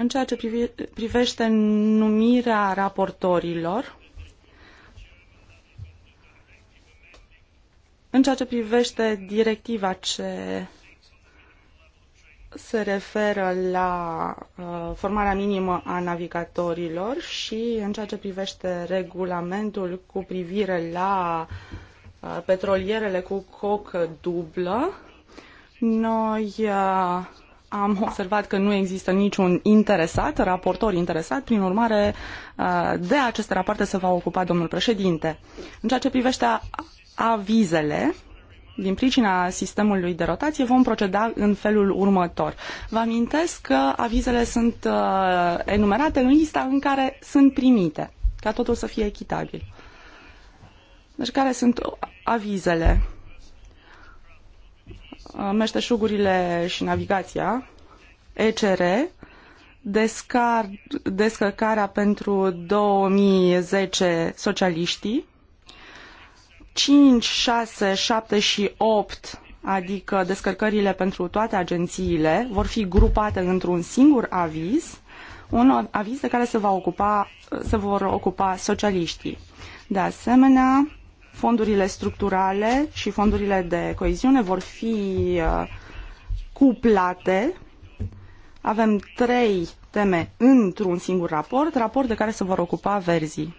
În ceea ce privește numirea raportorilor, în ceea ce privește directiva ce se referă la uh, formarea minimă a navigatorilor și în ceea ce privește regulamentul cu privire la uh, petrolierele cu cocă dublă, noi uh, am observat că nu există niciun interesat, raportor interesat, prin urmare uh, de aceste rapoarte se va ocupa domnul președinte. În ceea ce privește avizele, din pricina sistemului de rotație, vom proceda în felul următor. Vă amintesc că avizele sunt uh, enumerate în lista în care sunt primite, ca totul să fie echitabil. Deci care sunt avizele? Uh, meșteșugurile și navigația, ECR, descar, descărcarea pentru 2010 socialiștii, 5, 6, 7 și 8, adică descărcările pentru toate agențiile, vor fi grupate într-un singur aviz, un aviz de care se, va ocupa, se vor ocupa socialiștii. De asemenea, fondurile structurale și fondurile de coeziune vor fi uh, cuplate. Avem trei teme într-un singur raport, raport de care se vor ocupa verzii.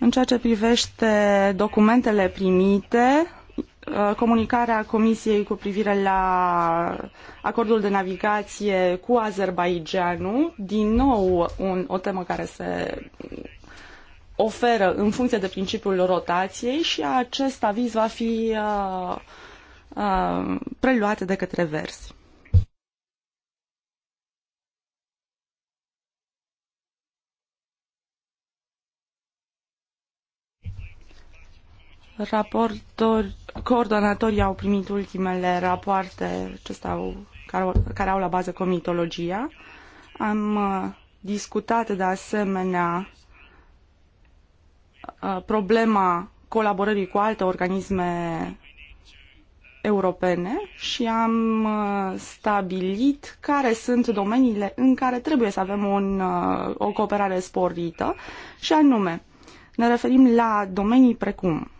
În ceea ce privește documentele primite, uh, comunicarea Comisiei cu privire la acordul de navigație cu Azerbaijanul, din nou un, o temă care se oferă în funcție de principiul rotației și acest aviz va fi uh, uh, preluat de către versi. Raportori, coordonatorii au primit ultimele rapoarte acestea care, care au la bază comitologia. Am uh, discutat de asemenea problema colaborării cu alte organisme europene și am stabilit care sunt domeniile în care trebuie să avem un, o cooperare sporită și anume ne referim la domenii precum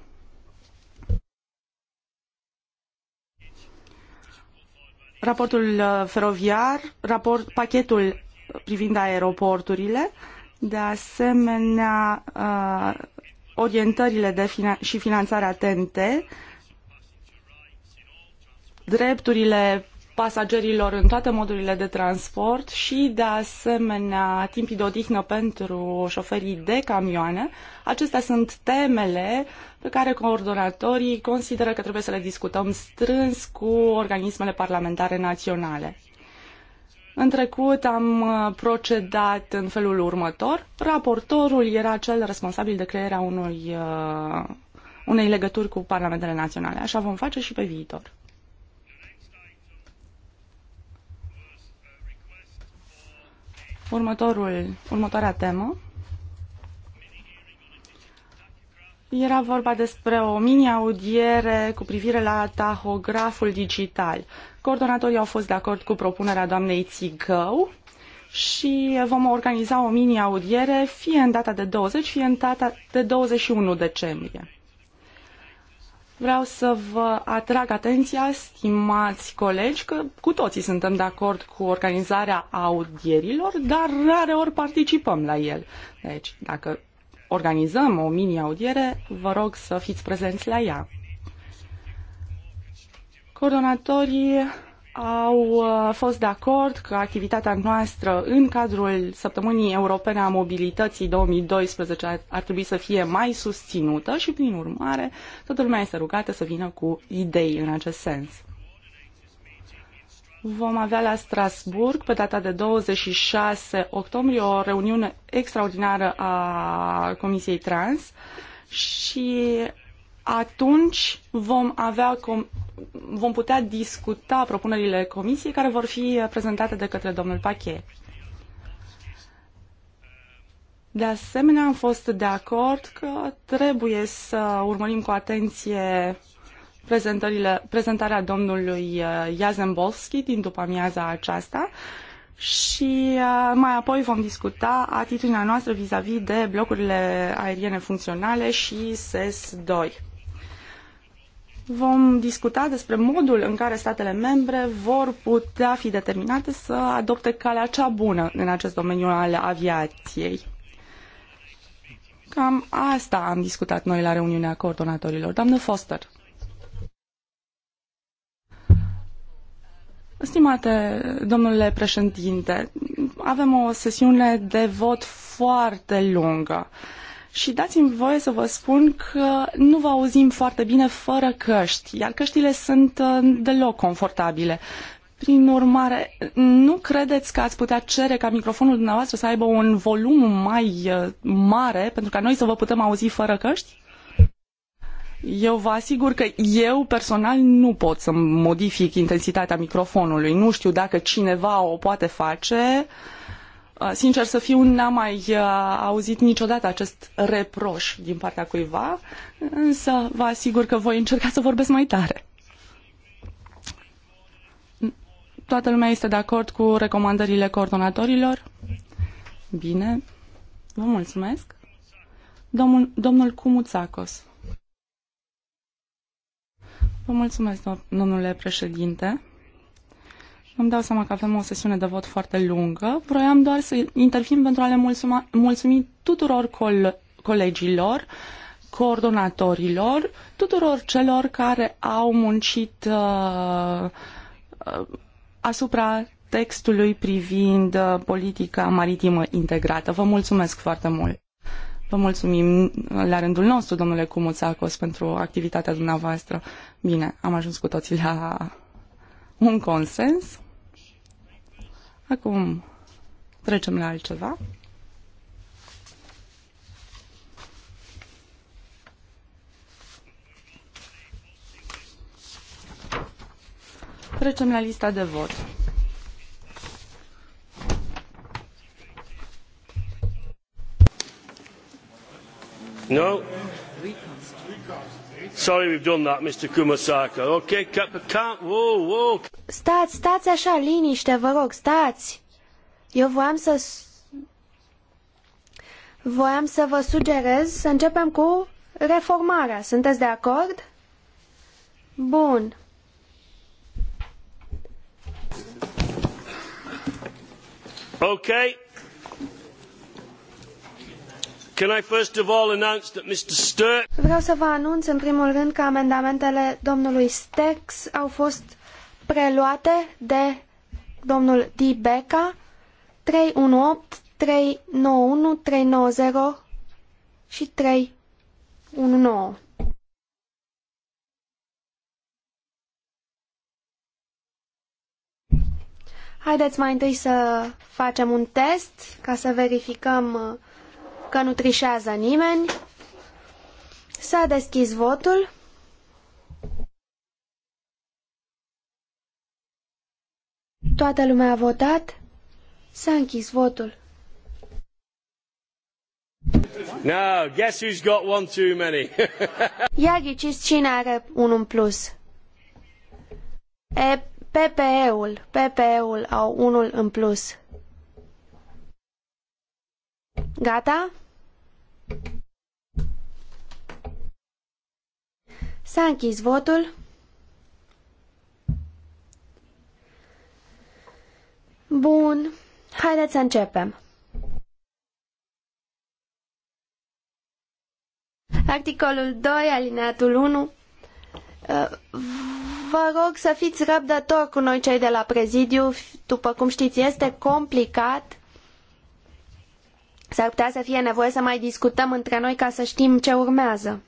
raportul feroviar, raport, pachetul privind aeroporturile, uh, de asemenea uh, orientările de finan- și finanțarea TNT, drepturile pasagerilor în toate modurile de transport și, de asemenea, timpii de odihnă pentru șoferii de camioane. Acestea sunt temele pe care coordonatorii consideră că trebuie să le discutăm strâns cu organismele parlamentare naționale. În trecut am uh, procedat în felul următor. Raportorul era cel responsabil de crearea unui, uh, unei legături cu parlamentele naționale. Așa vom face și pe viitor. Următorul, următoarea temă Era vorba despre o mini-audiere cu privire la tahograful digital. Coordonatorii au fost de acord cu propunerea doamnei Țigău și vom organiza o mini-audiere fie în data de 20, fie în data de 21 decembrie. Vreau să vă atrag atenția, stimați colegi, că cu toții suntem de acord cu organizarea audierilor, dar rareori participăm la el. Deci, dacă organizăm o mini-audiere, vă rog să fiți prezenți la ea. Coordonatorii au uh, fost de acord că activitatea noastră în cadrul Săptămânii Europene a Mobilității 2012 ar trebui să fie mai susținută și, prin urmare, toată lumea este rugată să vină cu idei în acest sens. Vom avea la Strasburg, pe data de 26 octombrie, o reuniune extraordinară a Comisiei Trans și atunci vom, avea vom putea discuta propunerile Comisiei care vor fi prezentate de către domnul Pache. De asemenea, am fost de acord că trebuie să urmărim cu atenție prezentările, prezentarea domnului uh, Jazembolski din după amiaza aceasta și uh, mai apoi vom discuta atitudinea noastră vis-a-vis -vis de blocurile aeriene funcționale și SES-2. Vom discuta despre modul în care statele membre vor putea fi determinate să adopte calea cea bună în acest domeniu al aviației. Cam asta am discutat noi la reuniunea coordonatorilor. Doamnă Foster. Stimate domnule președinte, avem o sesiune de vot foarte lungă și dați-mi voie să vă spun că nu vă auzim foarte bine fără căști, iar căștile sunt uh, deloc confortabile. Prin urmare, nu credeți că ați putea cere ca microfonul dumneavoastră să aibă un volum mai uh, mare pentru ca noi să vă putem auzi fără căști? Eu vă asigur că eu personal nu pot să modific intensitatea microfonului. Nu știu dacă cineva o poate face. Uh, sincer să fiu, n-am mai uh, auzit niciodată acest reproș din partea cuiva, însă vă asigur că voi încerca să vorbesc mai tare. Toată lumea este de acord cu recomandările coordonatorilor? Bine. Vă mulțumesc. Domnul, domnul Cumuțacos. Vă mulțumesc, domnule președinte. Îmi dau seama că avem o sesiune de vot foarte lungă. Vroiam doar să intervin pentru a le mulțuma, mulțumi tuturor col- colegilor, coordonatorilor, tuturor celor care au muncit uh, uh asupra textului privind uh, politica maritimă integrată. Vă mulțumesc foarte mult! Vă mulțumim la rândul nostru, domnule Cumuțacos, pentru activitatea dumneavoastră. Bine, am ajuns cu toții la un consens. Acum trecem la altceva. Trecem la lista de vot. No? Sorry we've done that, Mr. Kumasaka. Okay, can't, whoa, whoa. Stați, stați așa, liniște, vă rog, stați. Eu voiam să... Voiam să vă sugerez să începem cu reformarea. Sunteți de acord? Bun. Okay. Vreau să vă anunț în primul rând că amendamentele domnului Stex au fost preluate de domnul Di Beca 318, 391, 390 și 319. Haideți mai întâi să facem un test ca să verificăm uh, că nu trișează nimeni. S-a deschis votul. Toată lumea a votat. S-a închis votul. Now, guess who's got one too many? Ia ghiciți cine are unul în plus. E, PPE-ul, PPE-ul au unul în plus. Gata? S-a închis votul. Bun. Haideți să începem. Articolul 2, alineatul 1. Uh, vă rog să fiți răbdători cu noi cei de la prezidiu. După cum știți, este complicat. S-ar putea să fie nevoie să mai discutăm între noi ca să știm ce urmează.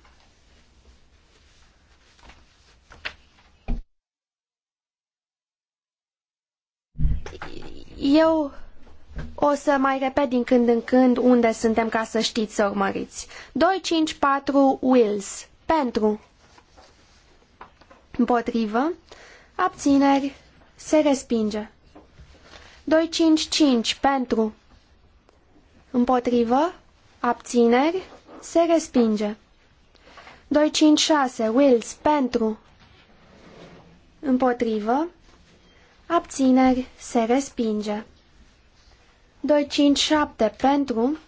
Eu o să mai repet din când în când unde suntem ca să știți să urmăriți. 254 Wills. Pentru. Împotrivă. Abțineri. Se respinge. 255 pentru. Împotrivă. Abțineri. Se respinge. 256 Wills. Pentru. Împotrivă. Abțineri. Se respinge. 257 pentru.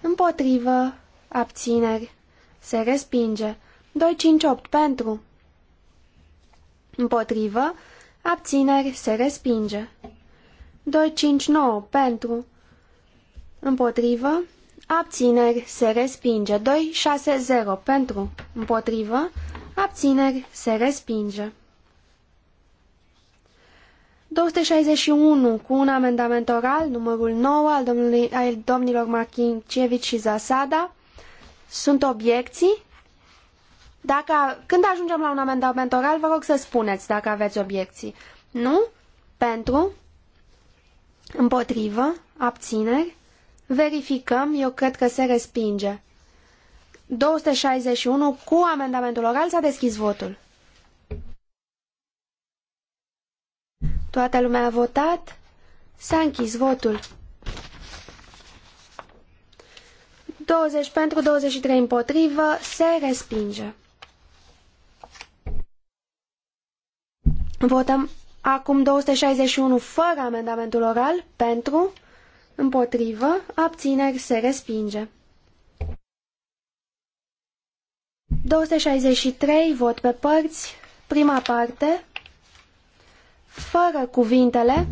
Împotrivă. Abțineri. Se respinge. 258 pentru. Împotrivă. Abțineri. Se respinge. 259 pentru. Împotrivă. Abțineri. Se respinge. 260 pentru. Împotrivă. Abțineri. Se respinge. 261 cu un amendament oral, numărul 9 al, domnului, al domnilor Marchincevici și Zasada. Sunt obiecții? Dacă, când ajungem la un amendament oral, vă rog să spuneți dacă aveți obiecții. Nu? Pentru? Împotrivă? Abțineri? Verificăm, eu cred că se respinge. 261 cu amendamentul oral s-a deschis votul. Toată lumea a votat? S-a închis votul. 20 pentru, 23 împotrivă, se respinge. Votăm acum 261 fără amendamentul oral, pentru, împotrivă, abțineri, se respinge. 263, vot pe părți, prima parte, fără cuvintele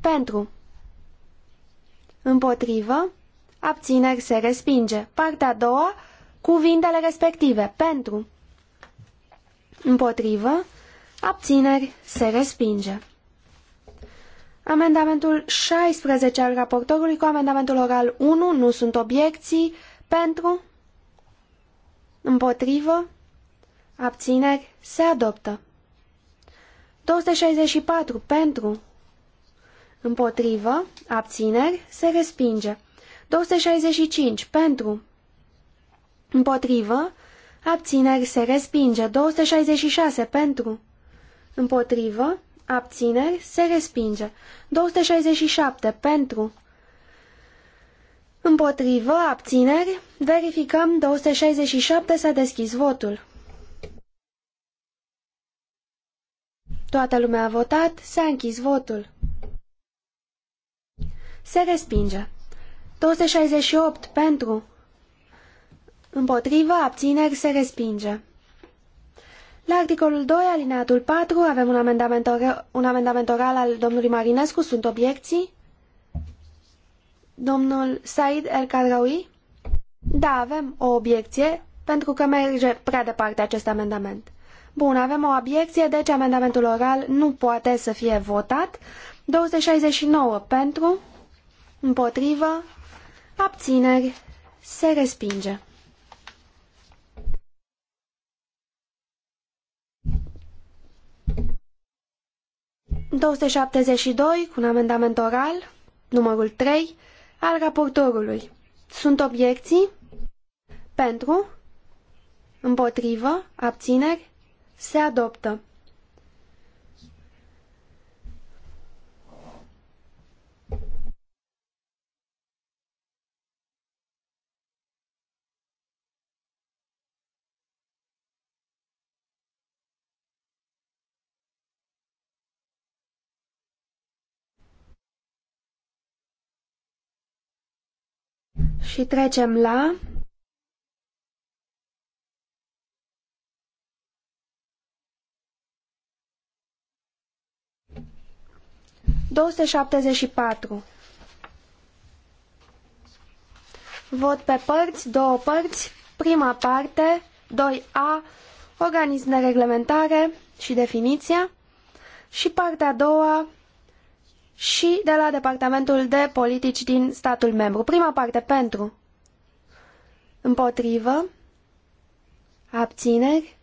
pentru împotrivă abțineri se respinge partea a doua cuvintele respective pentru împotrivă abțineri se respinge Amendamentul 16 al raportorului cu amendamentul oral 1 nu sunt obiecții pentru împotrivă Abțineri. Se adoptă. 264. Pentru. Împotrivă. Abțineri. Se respinge. 265. Pentru. Împotrivă. Abțineri. Se respinge. 266. Pentru. Împotrivă. Abțineri. Se respinge. 267. Pentru. Împotrivă. Abțineri. Verificăm. 267. S-a deschis votul. Toată lumea a votat, s-a închis votul. Se respinge. 268 pentru. Împotrivă, abțineri, se respinge. La articolul 2, alineatul 4, avem un amendament, oral, un amendament oral al domnului Marinescu. Sunt obiecții? Domnul Said El Karaui? Da, avem o obiecție, pentru că merge prea departe acest amendament. Bun, avem o obiecție, deci amendamentul oral nu poate să fie votat. 269 pentru, împotrivă, abțineri, se respinge. doi cu un amendament oral, numărul 3, al raportorului. Sunt obiecții? Pentru? Împotrivă? Abțineri? Se adoptă. Și trecem la 274. Vot pe părți, două părți, prima parte, 2A, organism de reglementare și definiția, și partea a doua și de la Departamentul de Politici din statul membru. Prima parte pentru, împotrivă, abțineri,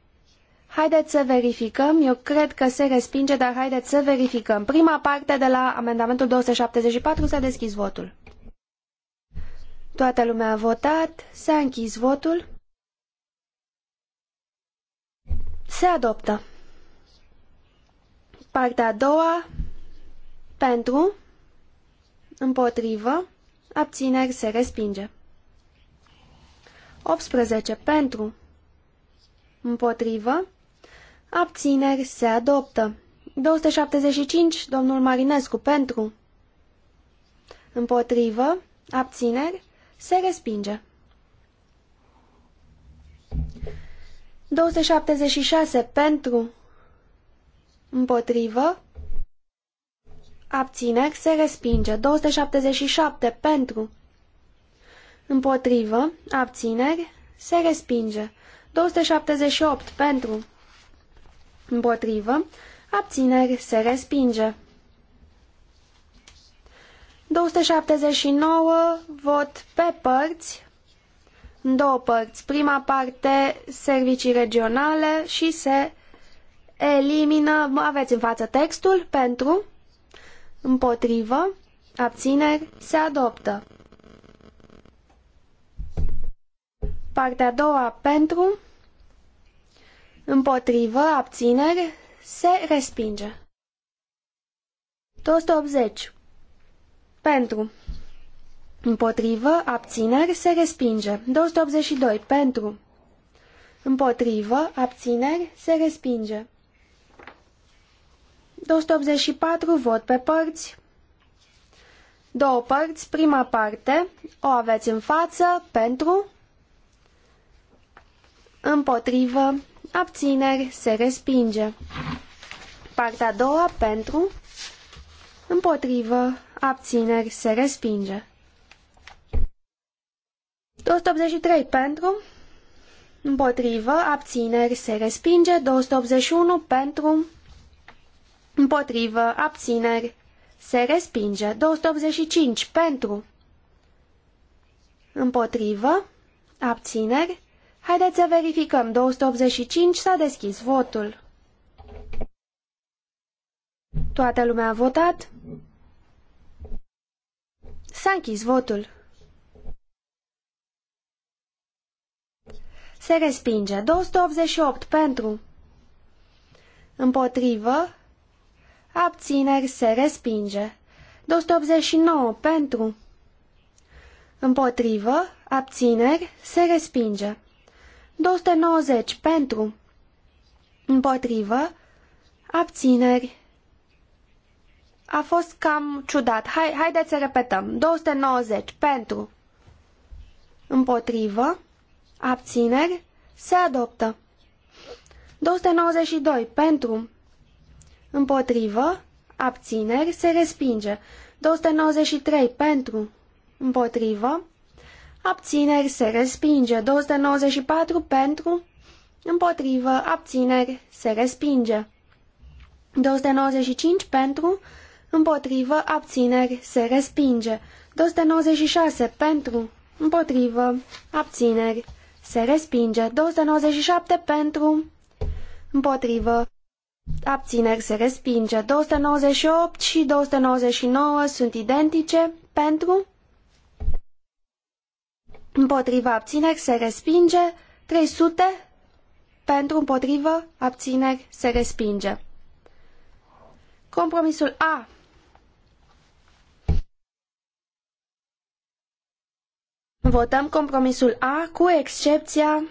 Haideți să verificăm, eu cred că se respinge, dar haideți să verificăm. Prima parte de la amendamentul 274 s-a deschis votul. Toată lumea a votat, s-a închis votul. Se adoptă. Partea a doua, pentru, împotrivă, abțineri se respinge. 18. Pentru, împotrivă, Abțineri se adoptă. 275, domnul Marinescu, pentru. Împotrivă, abțineri, se respinge. 276, pentru. Împotrivă, abțineri, se respinge. 277, pentru. Împotrivă, abțineri, se respinge. 278, pentru. Împotrivă. Abțineri. Se respinge. 279. Vot pe părți. În două părți. Prima parte, servicii regionale și se elimină, aveți în față textul, pentru, împotrivă, abțineri, se adoptă. Partea a doua, pentru, Împotrivă, abțineri, se respinge. 280. Pentru. Împotrivă, abțineri, se respinge. 282. Pentru. Împotrivă, abțineri, se respinge. 284. Vot pe părți. Două părți, prima parte, o aveți în față, pentru, împotrivă, abțineri, se respinge. Partea a doua, pentru, împotrivă, abțineri, se respinge. 283 pentru, împotrivă, abțineri, se respinge. 281 pentru, împotrivă, abțineri, se respinge. 285 pentru, împotrivă, abțineri, Haideți să verificăm. 285 s-a deschis votul. Toată lumea a votat? S-a închis votul. Se respinge. 288 pentru. Împotrivă. Abțineri se respinge. 289 pentru. Împotrivă. Abțineri se respinge. 290 pentru, împotrivă, abțineri. A fost cam ciudat. Hai, haideți să repetăm. 290 pentru, împotrivă, abțineri, se adoptă. 292 pentru, împotrivă, abțineri, se respinge. 293 pentru, împotrivă, Abțineri se respinge. 294 pentru. Împotrivă. Abțineri se respinge. 295 pentru. Împotrivă. Abțineri se respinge. 296 pentru. Împotrivă. Abțineri se respinge. 297 pentru. Împotrivă. Abțineri se respinge. 298 și 299 sunt identice. Pentru împotriva abțineri se respinge, 300 pentru împotrivă abțineri se respinge. Compromisul A Votăm compromisul A cu excepția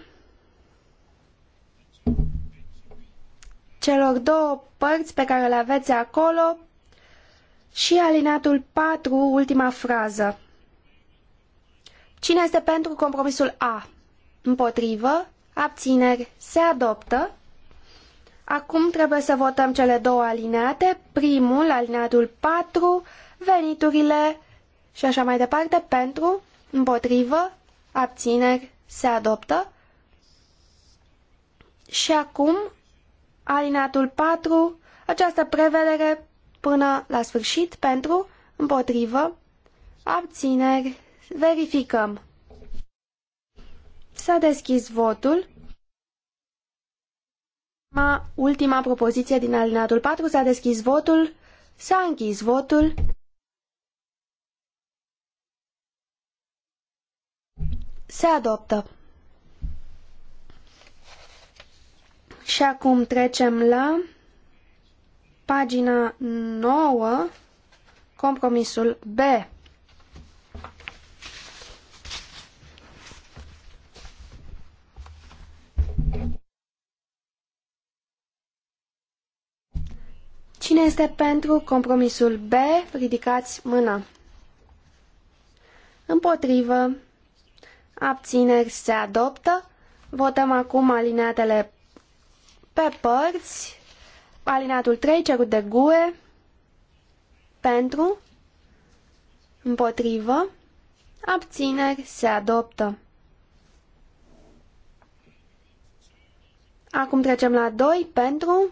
celor două părți pe care le aveți acolo și alineatul patru ultima frază. Cine este pentru compromisul A? Împotrivă? Abțineri? Se adoptă. Acum trebuie să votăm cele două alineate. Primul, alineatul 4, veniturile și așa mai departe, pentru, împotrivă, abțineri, se adoptă. Și acum, alineatul 4, această prevedere până la sfârșit, pentru, împotrivă, abțineri, verificăm. S-a deschis votul. Ma, ultima propoziție din alineatul 4 s-a deschis votul. S-a închis votul. Se adoptă. Și acum trecem la pagina 9, compromisul B. Cine este pentru compromisul B? Ridicați mâna. Împotrivă. Abțineri se adoptă. Votăm acum alineatele pe părți. Alineatul 3, cerut de GUE. Pentru. Împotrivă. Abțineri se adoptă. Acum trecem la 2. Pentru.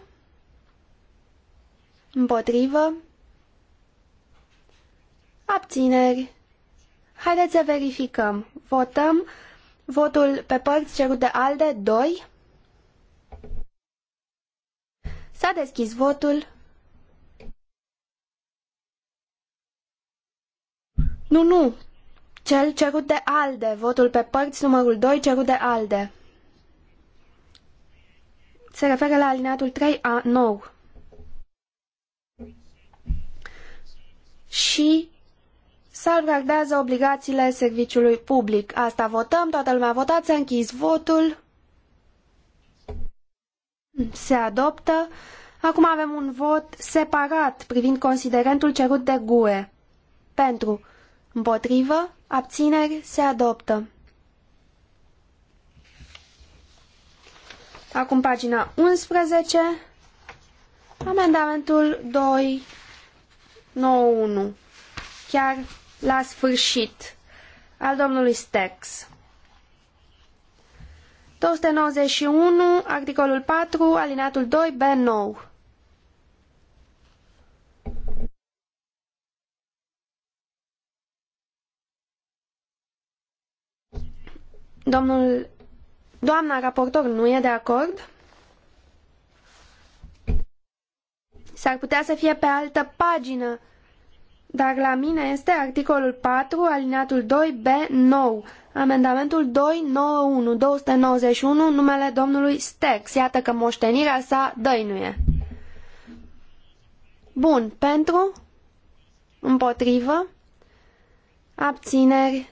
Împotrivă? Abțineri. Haideți să verificăm. Votăm votul pe părți cerut de ALDE 2. S-a deschis votul. Nu, nu. Cel cerut de ALDE. Votul pe părți numărul 2 cerut de ALDE. Se referă la alineatul 3A9. și salvgardează obligațiile serviciului public. Asta votăm, toată lumea a votat, s-a închis votul, se adoptă. Acum avem un vot separat privind considerentul cerut de GUE. Pentru, împotrivă, abțineri, se adoptă. Acum pagina 11, amendamentul 2 9.1, chiar la sfârșit, al domnului Stex. 291, articolul 4, alineatul 2, B9. Domnul, doamna raportor nu e de acord? S-ar putea să fie pe altă pagină, dar la mine este articolul 4, alineatul 2B, nou. Amendamentul 291, 291, numele domnului Stex. Iată că moștenirea sa dăinuie. Bun, pentru, împotrivă, abțineri,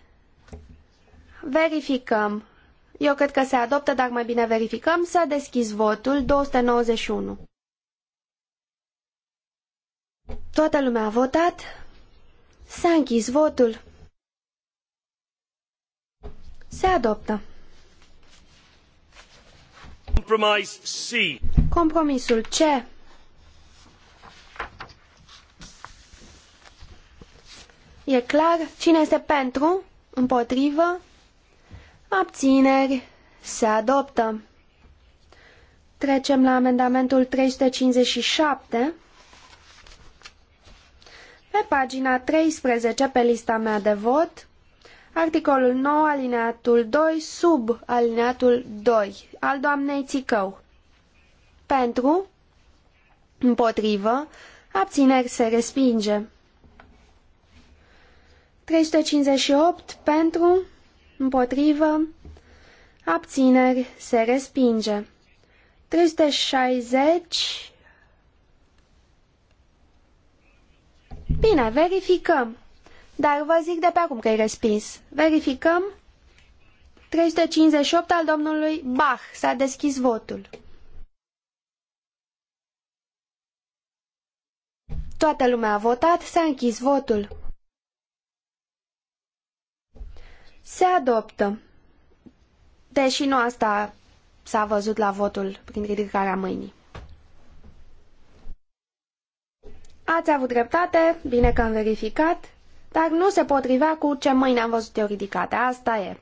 verificăm. Eu cred că se adoptă, dar mai bine verificăm. să deschizi deschis votul 291. Toată lumea a votat. S-a închis votul. Se adoptă. C. Compromisul C. E clar cine este pentru, împotrivă, abțineri, se adoptă. Trecem la amendamentul 357. Pe pagina 13, pe lista mea de vot, articolul 9, alineatul 2, sub alineatul 2, al doamnei Țicău. Pentru, împotrivă, abțineri se respinge. 358 pentru, împotrivă, abțineri se respinge. 360 Bine, verificăm. Dar vă zic de pe acum că e respins. Verificăm. 358 al domnului Bach. S-a deschis votul. Toată lumea a votat, s-a închis votul. Se adoptă. Deși nu asta s-a văzut la votul prin ridicarea mâinii. Ați avut dreptate, bine că am verificat, dar nu se potrivea cu ce mâini am văzut eu ridicate. Asta e.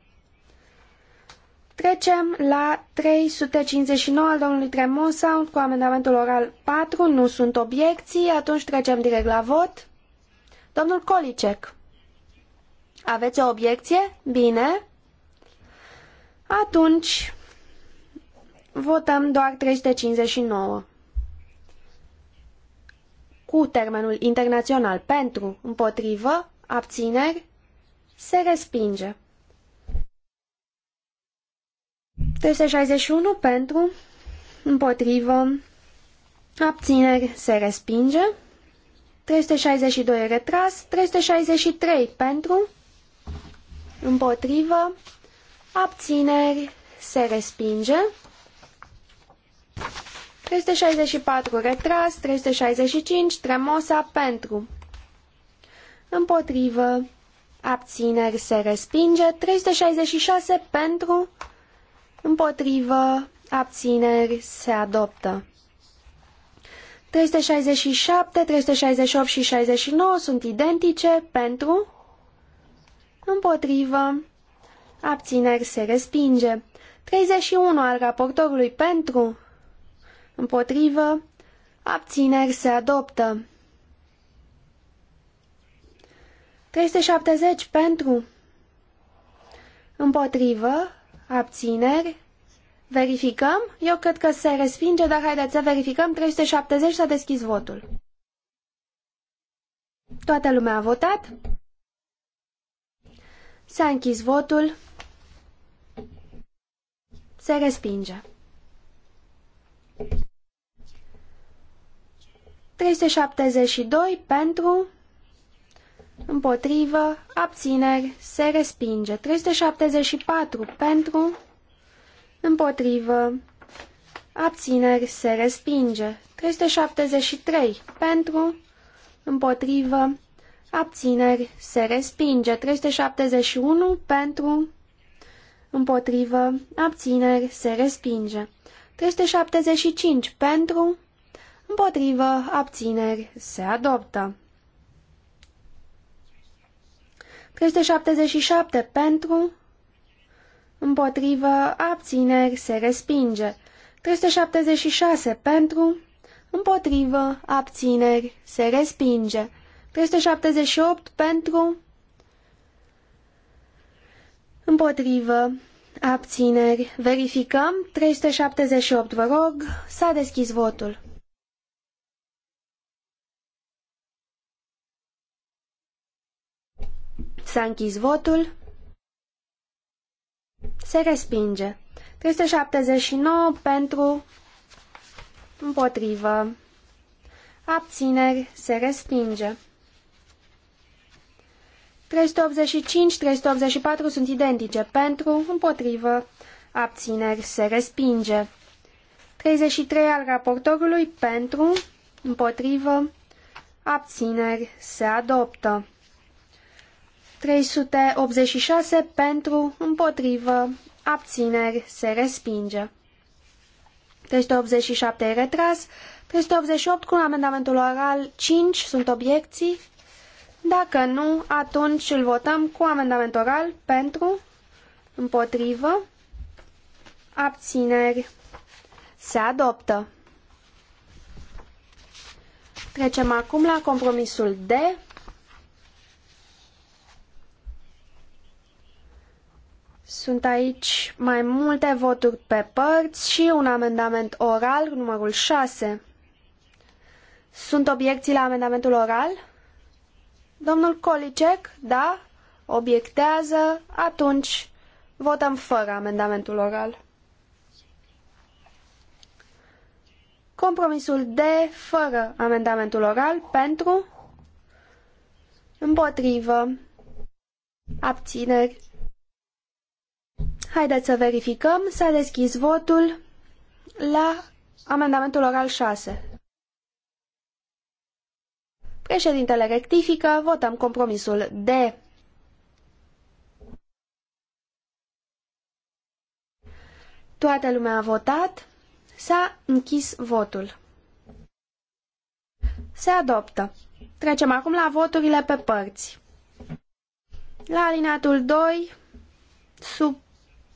Trecem la 359 al domnului Tremosa cu amendamentul oral 4. Nu sunt obiecții, atunci trecem direct la vot. Domnul Colicek, aveți o obiecție? Bine. Atunci, votăm doar 359 cu termenul internațional pentru, împotrivă, abțineri, se respinge. 361 pentru, împotrivă, abțineri, se respinge. 362 retras, 363 pentru, împotrivă, abțineri, se respinge. 364 retras, 365 tremosa pentru. Împotrivă. Abțineri se respinge. 366 pentru. Împotrivă. Abțineri se adoptă. 367, 368 și 69 sunt identice pentru. Împotrivă. Abțineri se respinge. 31 al raportorului pentru. Împotrivă. Abțineri se adoptă. 370 pentru. Împotrivă. Abțineri. Verificăm? Eu cred că se respinge, dar haideți să verificăm. 370 s-a deschis votul. Toată lumea a votat? S-a închis votul. Se respinge. 372 pentru, împotrivă, abțineri, se respinge. 374 pentru, împotrivă, abțineri, se respinge. 373 pentru, împotrivă, abțineri, se respinge. 371 pentru, împotrivă, abțineri, se respinge. 375 pentru, împotrivă, abțineri, se adoptă. 377 pentru, împotrivă, abțineri, se respinge. 376 pentru, împotrivă, abțineri, se respinge. 378 pentru, împotrivă, Abțineri. Verificăm. 378, vă rog. S-a deschis votul. S-a închis votul. Se respinge. 379 pentru, împotrivă, abțineri, se respinge. 385, 384 sunt identice pentru, împotrivă, abțineri se respinge. 33 al raportorului pentru, împotrivă, abțineri se adoptă. 386 pentru, împotrivă, abțineri se respinge. 387 e retras, 388 cu amendamentul oral 5 sunt obiecții, dacă nu, atunci îl votăm cu amendament oral pentru, împotrivă, abțineri. Se adoptă. Trecem acum la compromisul D. Sunt aici mai multe voturi pe părți și un amendament oral, numărul 6. Sunt obiecții la amendamentul oral? Domnul Kolicek, da, obiectează, atunci votăm fără amendamentul oral. Compromisul D, fără amendamentul oral, pentru, împotrivă, abțineri. Haideți să verificăm, s-a deschis votul la amendamentul oral 6. Președintele rectifică, votăm compromisul D. Toată lumea a votat, s-a închis votul. Se adoptă. Trecem acum la voturile pe părți. La alineatul 2 sub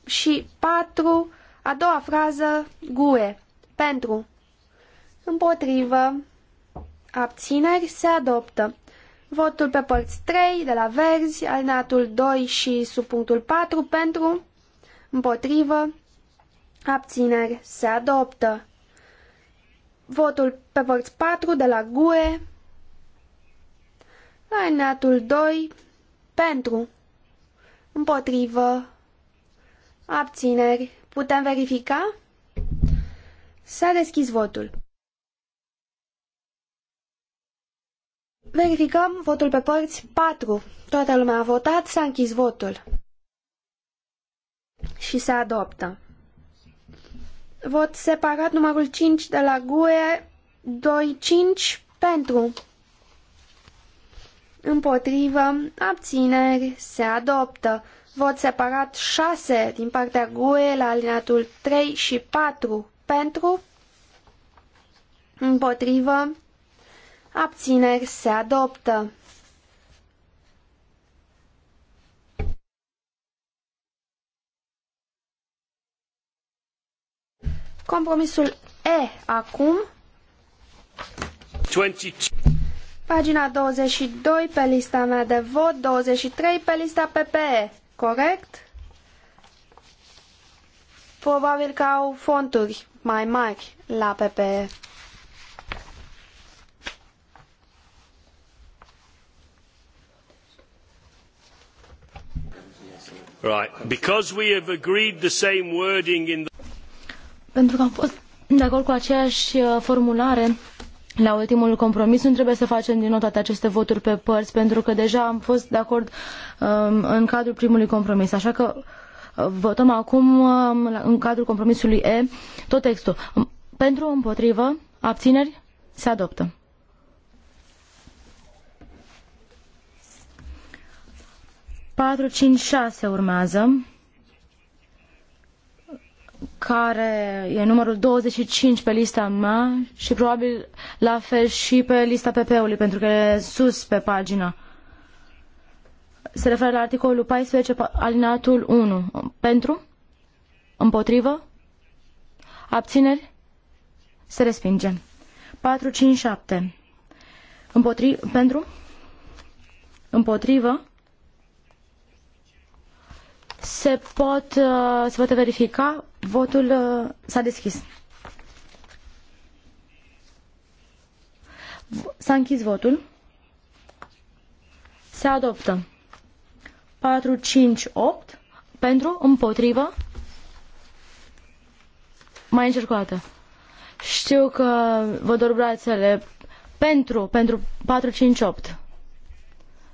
și 4, a doua frază, GUE, pentru, împotrivă, abțineri, se adoptă. Votul pe părți 3 de la verzi, alineatul 2 și subpunctul 4 pentru, împotrivă, abțineri, se adoptă. Votul pe părți 4 de la GUE, la alineatul 2 pentru, împotrivă, abțineri. Putem verifica? S-a deschis votul. Verificăm votul pe părți 4. Toată lumea a votat, s-a închis votul. Și se adoptă. Vot separat numărul 5 de la GUE 25 pentru. Împotrivă, abțineri, se adoptă. Vot separat 6 din partea GUE la alineatul 3 și 4 pentru. Împotrivă, Abțineri se adoptă. Compromisul E acum. 20. Pagina 22 pe lista mea de vot, 23 pe lista PPE, corect? Probabil că au fonturi mai mari la PPE. Right. Because we have agreed the same wording in the... Pentru că am fost de acord cu aceeași uh, formulare la ultimul compromis, nu trebuie să facem din nou toate aceste voturi pe părți, pentru că deja am fost de acord um, în cadrul primului compromis. Așa că uh, votăm acum, um, în cadrul compromisului E, tot textul. Pentru, împotrivă, abțineri, se adoptă. 4, 5, 6 urmează, care e numărul 25 pe lista mea și probabil la fel și pe lista PP-ului, pentru că e sus pe pagina Se referă la articolul 14, alinatul 1. Pentru? Împotrivă? Abțineri? Se respinge. 4, 5, 7. Împotri- pentru? Împotrivă? se, pot, uh, se poate verifica. Votul uh, s-a deschis. S-a închis votul. Se adoptă. 4, 5, 8. Pentru, împotrivă. Mai încerc o dată. Știu că vă dor brațele. Pentru, pentru 4, 5, 8.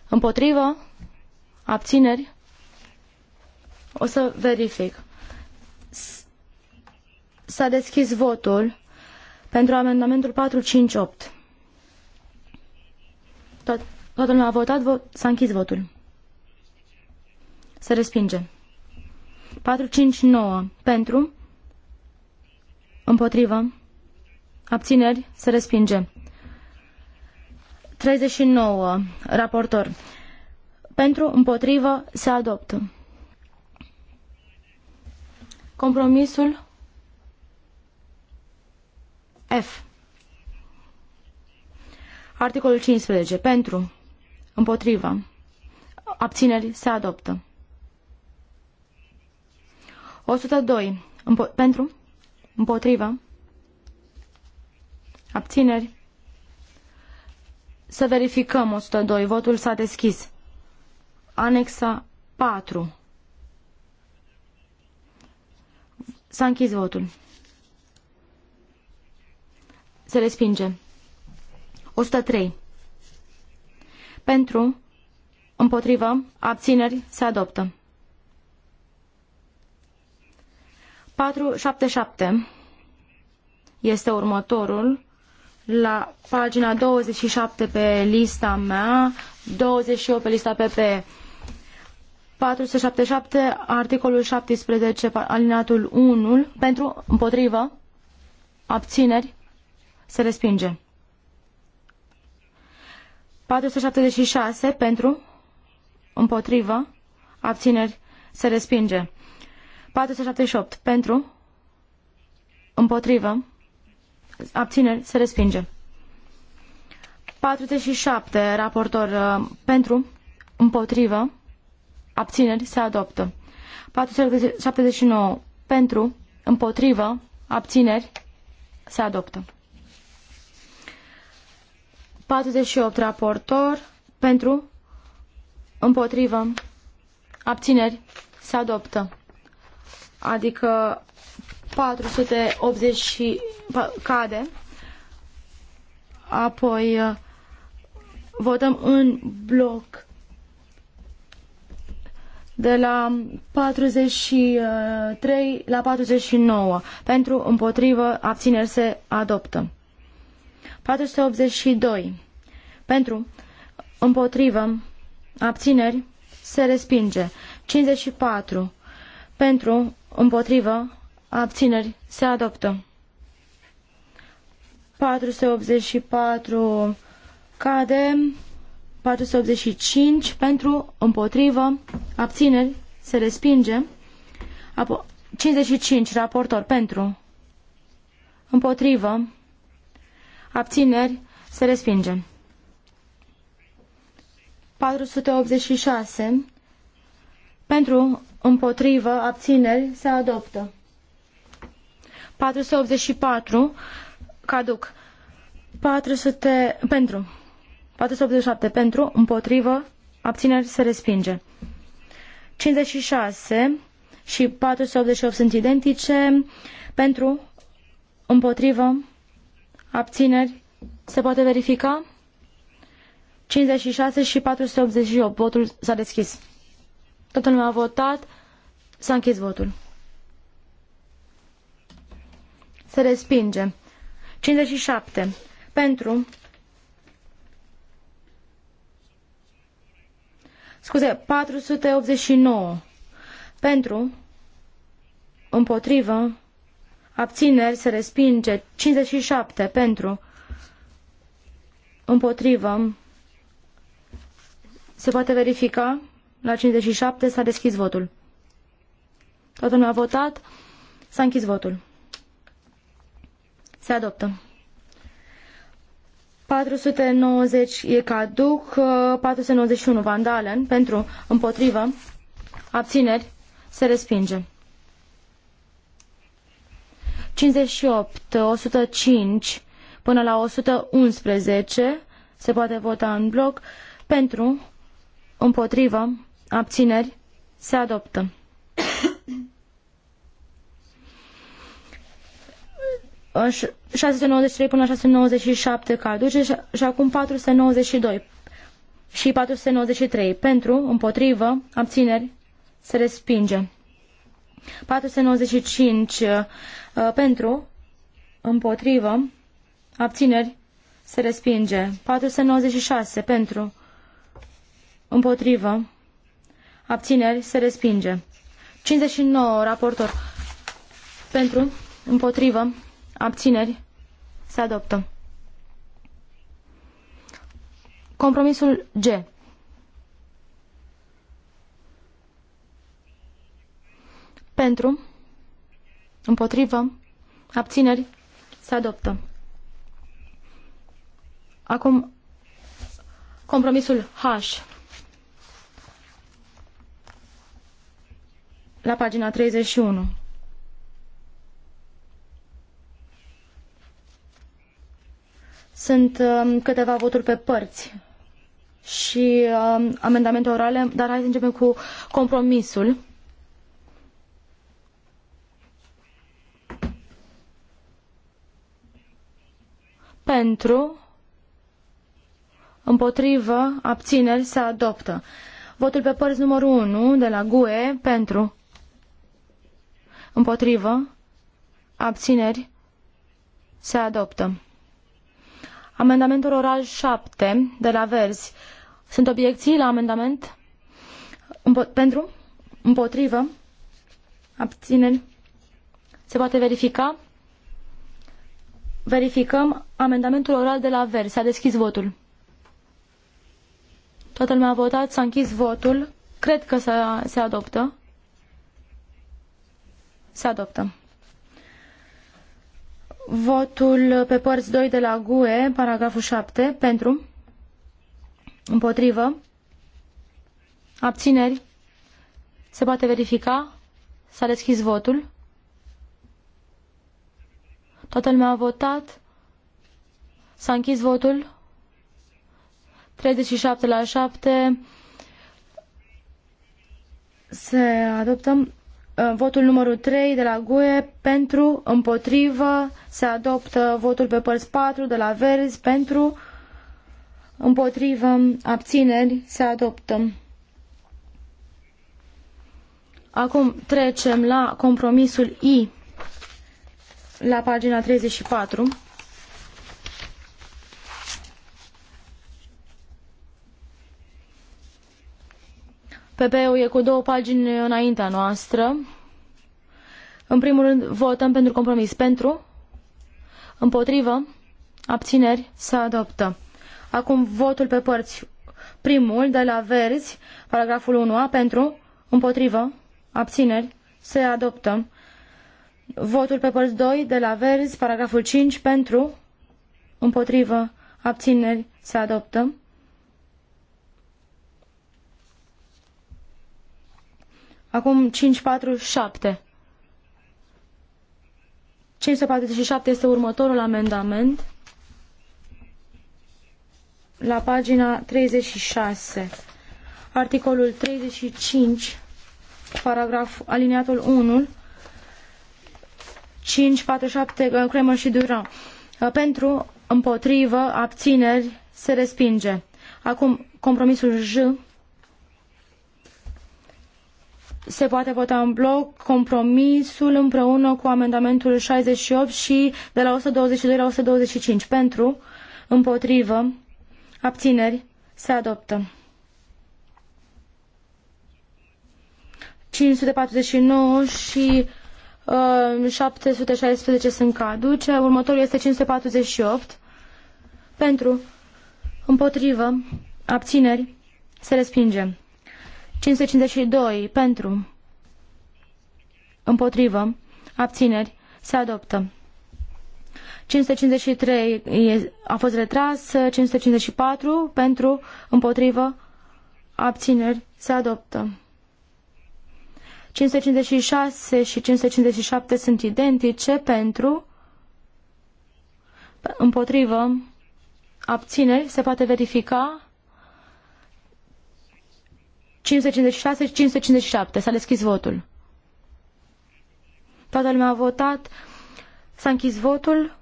Împotrivă. Abțineri. O să verific. S-a deschis votul pentru amendamentul 458. Toată lumea a votat, vo s-a închis votul. Se respinge. 459 pentru, împotrivă, abțineri, se respinge. 39, raportor. Pentru, împotrivă, se adoptă. Compromisul F. Articolul 15. Pentru. Împotriva. Abțineri se adoptă. 102. Împo- pentru. Împotriva. Abțineri. Să verificăm 102. Votul s-a deschis. Anexa 4. S-a închis votul. Se respinge. 103. Pentru, împotrivă, abțineri, se adoptă. 477 este următorul. La pagina 27 pe lista mea, 28 pe lista PP. 477, articolul 17, alinatul 1, pentru, împotrivă, abțineri, se respinge. 476, pentru, împotrivă, abțineri, se respinge. 478, pentru, împotrivă, abțineri, se respinge. 47, raportor, pentru, împotrivă, abțineri se adoptă. 479 pentru, împotrivă, abțineri se adoptă. 48 raportor pentru, împotrivă, abțineri se adoptă. Adică 480 cade. Apoi uh, votăm în bloc de la 43 la 49. Pentru, împotrivă, abțineri se adoptă. 482. Pentru, împotrivă, abțineri se respinge. 54. Pentru, împotrivă, abțineri se adoptă. 484 cade 485 pentru, împotrivă, abțineri, se respinge. Apo 55, raportor, pentru, împotrivă, abțineri, se respinge. 486, pentru, împotrivă, abțineri, se adoptă. 484, caduc. 400, pentru, 487 pentru, împotrivă, abțineri se respinge. 56 și 488 sunt identice. Pentru, împotrivă, abțineri se poate verifica. 56 și 488. Votul s-a deschis. Toată lumea a votat. S-a închis votul. Se respinge. 57. Pentru, Scuze, 489. Pentru, împotrivă, abțineri se respinge. 57. Pentru, împotrivă, se poate verifica. La 57 s-a deschis votul. Toată lumea a votat. S-a închis votul. Se adoptă. 490 e caduc, 491 uh, Vandalen pentru împotrivă, abțineri, se respinge. 58, 105 uh, până la 111 se poate vota în bloc pentru, împotrivă, abțineri, se adoptă. 693 până la 697 caduce și, și acum 492 și 493 pentru, împotrivă, abțineri, se respinge. 495 uh, pentru, împotrivă, abțineri, se respinge. 496 pentru, împotrivă, abțineri, se respinge. 59 raportor pentru, împotrivă, abțineri, se adoptă. Compromisul G. Pentru, împotrivă, abțineri, se adoptă. Acum, compromisul H. La pagina 31. Sunt um, câteva voturi pe părți și um, amendamente orale, dar hai să începem cu compromisul. Pentru, împotrivă, abțineri, se adoptă. Votul pe părți numărul 1 de la GUE pentru Împotrivă. Abțineri. Se adoptă. Amendamentul oral șapte de la Verzi. Sunt obiecții la amendament? Împo- pentru? Împotrivă? Abțineri? Se poate verifica? Verificăm amendamentul oral de la Verzi. S-a deschis votul. Toată lumea a votat, s-a închis votul. Cred că se adoptă. Se adoptă. Votul pe părți 2 de la GUE, paragraful 7, pentru, împotrivă, abțineri, se poate verifica, s-a deschis votul, toată lumea a votat, s-a închis votul, 37 la 7, se adoptăm. Uh, votul numărul 3 de la GUE pentru, împotrivă, se adoptă votul pe părți 4 de la Verzi pentru, împotrivă, abțineri, se adoptă. Acum trecem la compromisul I la pagina 34. PP-ul e cu două pagini înaintea noastră. În primul rând, votăm pentru compromis. Pentru, împotrivă, abțineri, se adoptă. Acum votul pe părți. Primul, de la verzi, paragraful 1A, pentru, împotrivă, abțineri, se adoptă. Votul pe părți 2, de la verzi, paragraful 5, pentru, împotrivă, abțineri, se adoptă. Acum 547. 547 este următorul amendament la pagina 36. Articolul 35, paragraf aliniatul 1, 547 Cremer și Dura. Pentru, împotrivă, abțineri, se respinge. Acum, compromisul J se poate vota în bloc compromisul împreună cu amendamentul 68 și de la 122 la 125. Pentru, împotrivă, abțineri, se adoptă. 549 și uh, 716 sunt caduce. Următorul este 548. Pentru, împotrivă, abțineri, se respinge. 552 pentru, împotrivă, abțineri, se adoptă. 553 a fost retras, 554 pentru, împotrivă, abțineri, se adoptă. 556 și 557 sunt identice pentru, împotrivă, abțineri, se poate verifica 556 și 557. S-a deschis votul. Toată lumea a votat. S-a închis votul.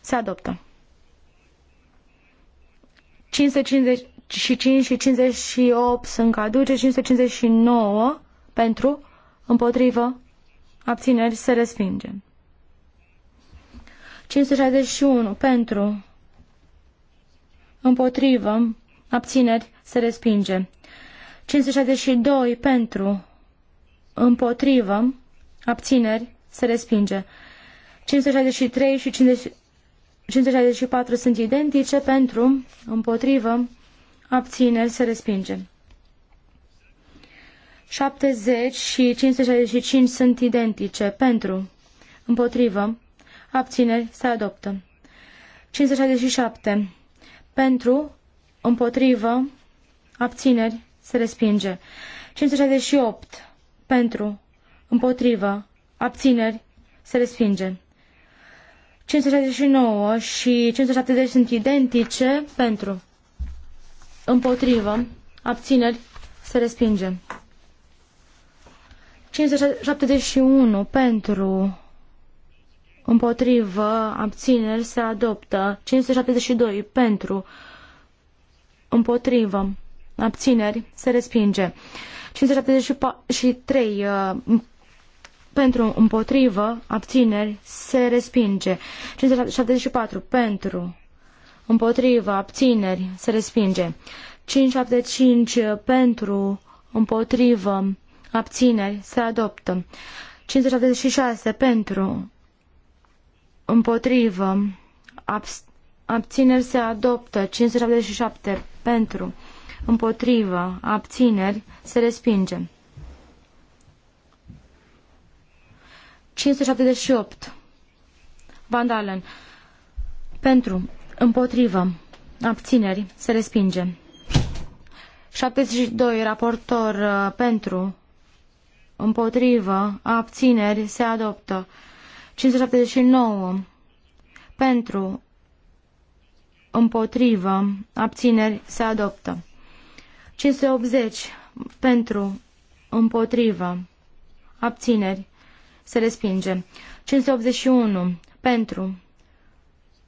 Se adoptă. 555 și 58 sunt caduce, 559 pentru, împotrivă, abțineri se respinge. 561 pentru, împotrivă, abțineri, se respinge. 562 pentru, împotrivă, abțineri, se respinge. 563 și 564 sunt identice pentru, împotrivă, abțineri, se respinge. 70 și 565 sunt identice pentru, împotrivă, abțineri, se adoptă. 567 pentru, împotrivă, abțineri, se respinge. 568 pentru, împotrivă, abțineri, se respinge. 569 și 570 sunt identice pentru, împotrivă, abțineri, se respinge. 571 pentru, împotrivă, abțineri, se adoptă. 572 pentru, împotrivă, abțineri, se respinge. 573 uh, pentru, împotrivă, abțineri, se respinge. 574 pentru, împotrivă, abțineri, se respinge. 575 uh, pentru, împotrivă, abțineri, se adoptă. 576 pentru, împotrivă, abțineri, abțineri se adoptă. 577 pentru, împotrivă, abțineri se respinge. 578 vandalen pentru, împotrivă, abțineri se respinge. 72 raportor uh, pentru, împotrivă, abțineri se adoptă. 579 pentru, împotrivă, abțineri, se adoptă. 580 pentru, împotrivă, abțineri, se respinge. 581 pentru,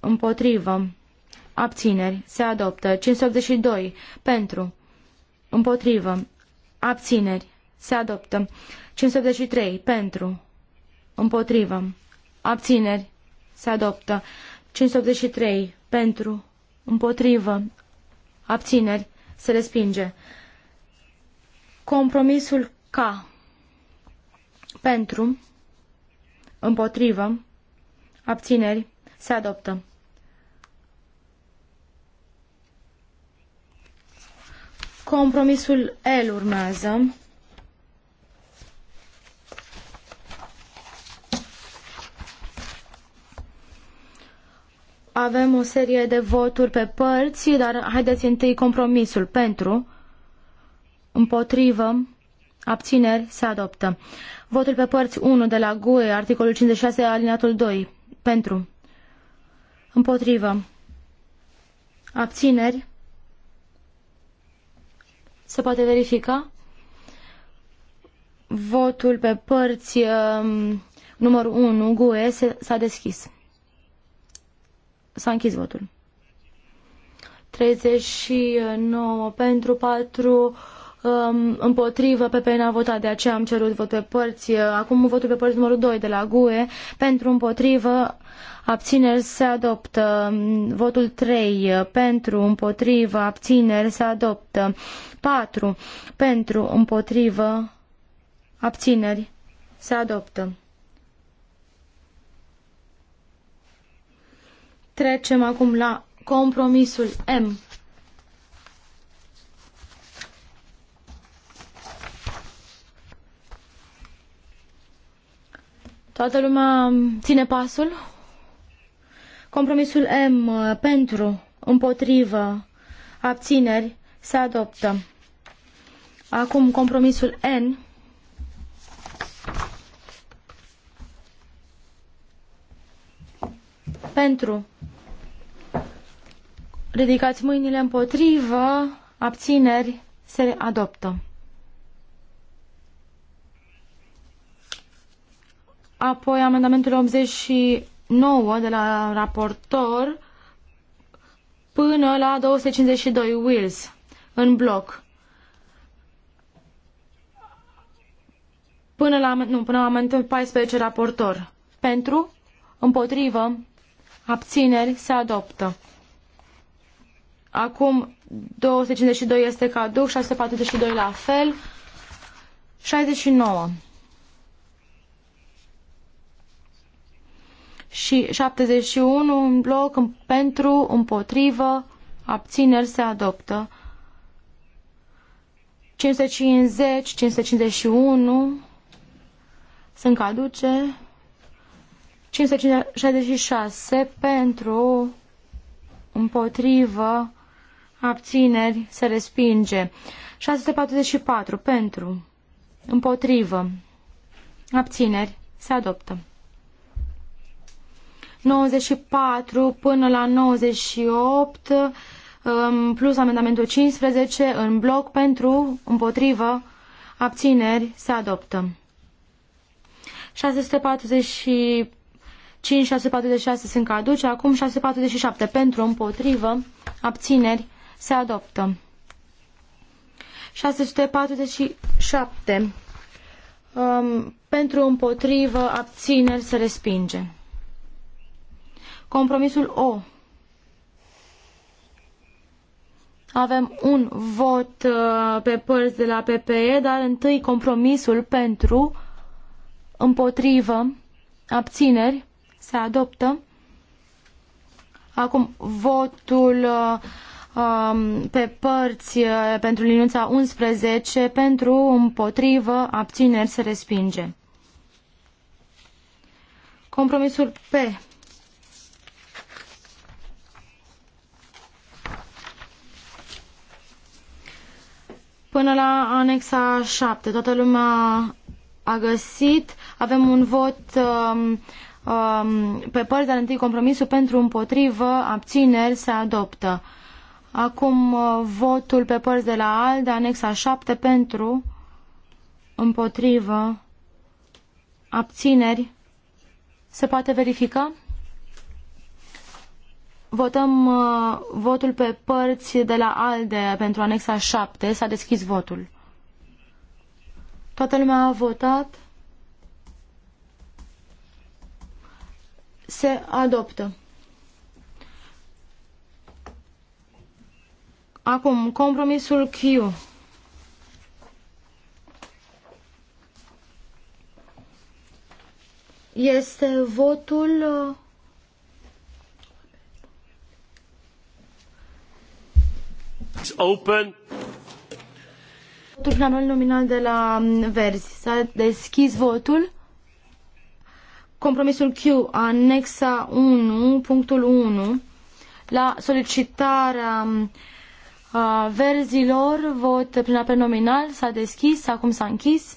împotrivă, abțineri, se adoptă. 582 pentru, împotrivă, abțineri, se adoptă. 583 pentru, împotrivă, abțineri, se adoptă. 583 pentru, împotrivă, abțineri, se respinge. Compromisul K pentru, împotrivă, abțineri, se adoptă. Compromisul L urmează Avem o serie de voturi pe părți, dar haideți întâi compromisul pentru, împotrivă, abțineri, se adoptă. Votul pe părți 1 de la GUE, articolul 56, alineatul 2, pentru, împotrivă, abțineri, se poate verifica? Votul pe părți um, numărul 1, GUE, s-a deschis. S-a închis votul. 39 pentru 4 um, împotrivă, PP n-a votat, de aceea am cerut vot pe părți. Acum votul pe părți numărul 2 de la GUE, pentru împotrivă, abțineri se adoptă. Votul 3, pentru împotrivă, abțineri se adoptă. 4, pentru împotrivă, abțineri se adoptă. Trecem acum la compromisul M. Toată lumea ține pasul. Compromisul M uh, pentru, împotrivă, abțineri se adoptă. Acum compromisul N. Pentru, Ridicați mâinile împotrivă, abțineri, se adoptă. Apoi amendamentul 89 de la raportor până la 252 Wills în bloc. Până la, nu, până la amendamentul 14 raportor. Pentru, împotrivă, abțineri se adoptă. Acum 252 este caduc, 642 la fel, 69. Și 71 în bloc pentru, împotrivă, abțineri se adoptă. 550, 551 sunt caduce. 566 pentru, împotrivă, abțineri, se respinge. 644 pentru, împotrivă, abțineri, se adoptă. 94 până la 98 um, plus amendamentul 15 în bloc pentru, împotrivă, abțineri, se adoptă. 645 646 sunt caduce, acum 647 pentru, împotrivă, abțineri, se adoptă. 647. Um, pentru împotrivă, abțineri, se respinge. Compromisul O. Avem un vot uh, pe părți de la PPE, dar întâi compromisul pentru, împotrivă, abțineri, se adoptă. Acum votul uh, Um, pe părți uh, pentru liniuța 11, pentru, împotrivă, abțineri se respinge. Compromisul P. Până la anexa 7, toată lumea a găsit, avem un vot um, um, pe părți, dar întâi compromisul pentru împotrivă, abțineri se adoptă. Acum uh, votul pe părți de la ALDE, anexa 7 pentru, împotrivă, abțineri. Se poate verifica? Votăm uh, votul pe părți de la ALDE pentru anexa 7. S-a deschis votul. Toată lumea a votat. Se adoptă. Acum, compromisul Q. Este votul uh, It's open. Votul la nominal de la um, Verzi. S-a deschis votul. Compromisul Q, anexa 1, punctul 1, la solicitarea um, a verzilor, vot prin apel nominal, s-a deschis, acum s-a închis.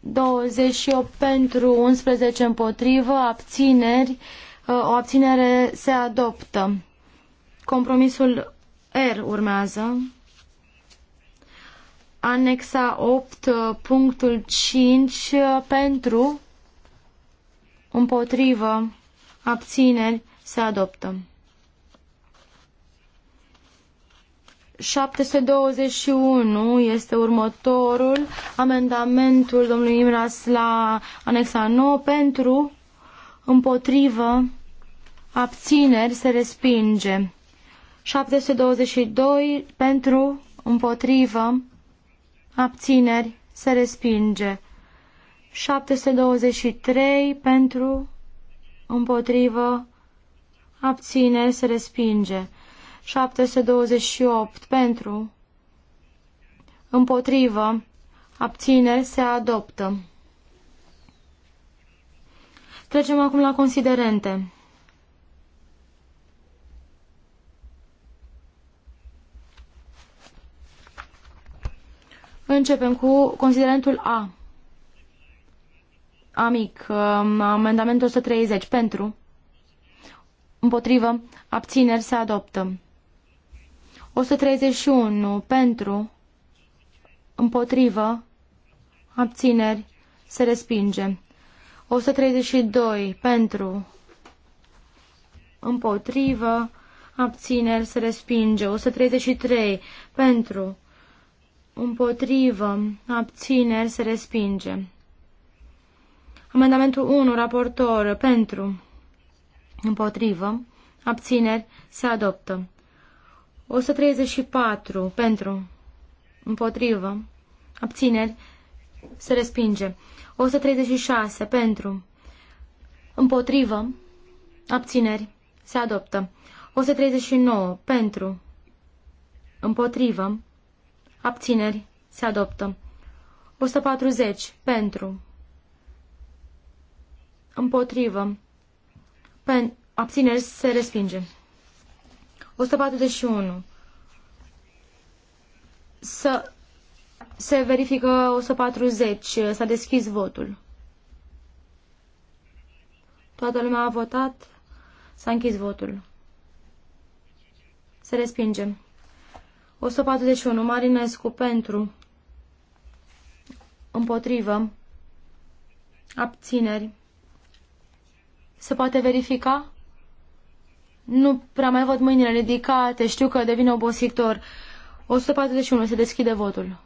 28 pentru, 11 împotrivă, abțineri, o abținere se adoptă. Compromisul R urmează. Anexa 8, punctul 5, pentru, împotrivă, abțineri, se adoptă. 721 este următorul amendamentul domnului Imras la anexa 9 pentru împotrivă abțineri se respinge 722 pentru împotrivă abțineri se respinge 723 pentru împotrivă abțineri se respinge 728 pentru, împotrivă, abțineri se adoptă. Trecem acum la considerente. Începem cu considerentul A. Amic, um, amendamentul 130 pentru, împotrivă, abțineri se adoptă. 131 pentru, împotrivă, abțineri, se respinge. 132 pentru, împotrivă, abțineri, se respinge. 133 pentru, împotrivă, abțineri, se respinge. Amendamentul 1, raportor, pentru, împotrivă, abțineri, se adoptă. 134 pentru, împotrivă, abțineri, se respinge. 136 pentru, împotrivă, abțineri, se adoptă. 139 pentru, împotrivă, abțineri, se adoptă. 140 pentru, împotrivă, pen, abțineri, se respinge. 141. Să se verifică 140. S-a deschis votul. Toată lumea a votat. S-a închis votul. Se respinge. 141. Marinescu pentru. Împotrivă. Abțineri. Se poate verifica? Nu prea mai văd mâinile ridicate, știu că devine obositor. 141, se deschide votul.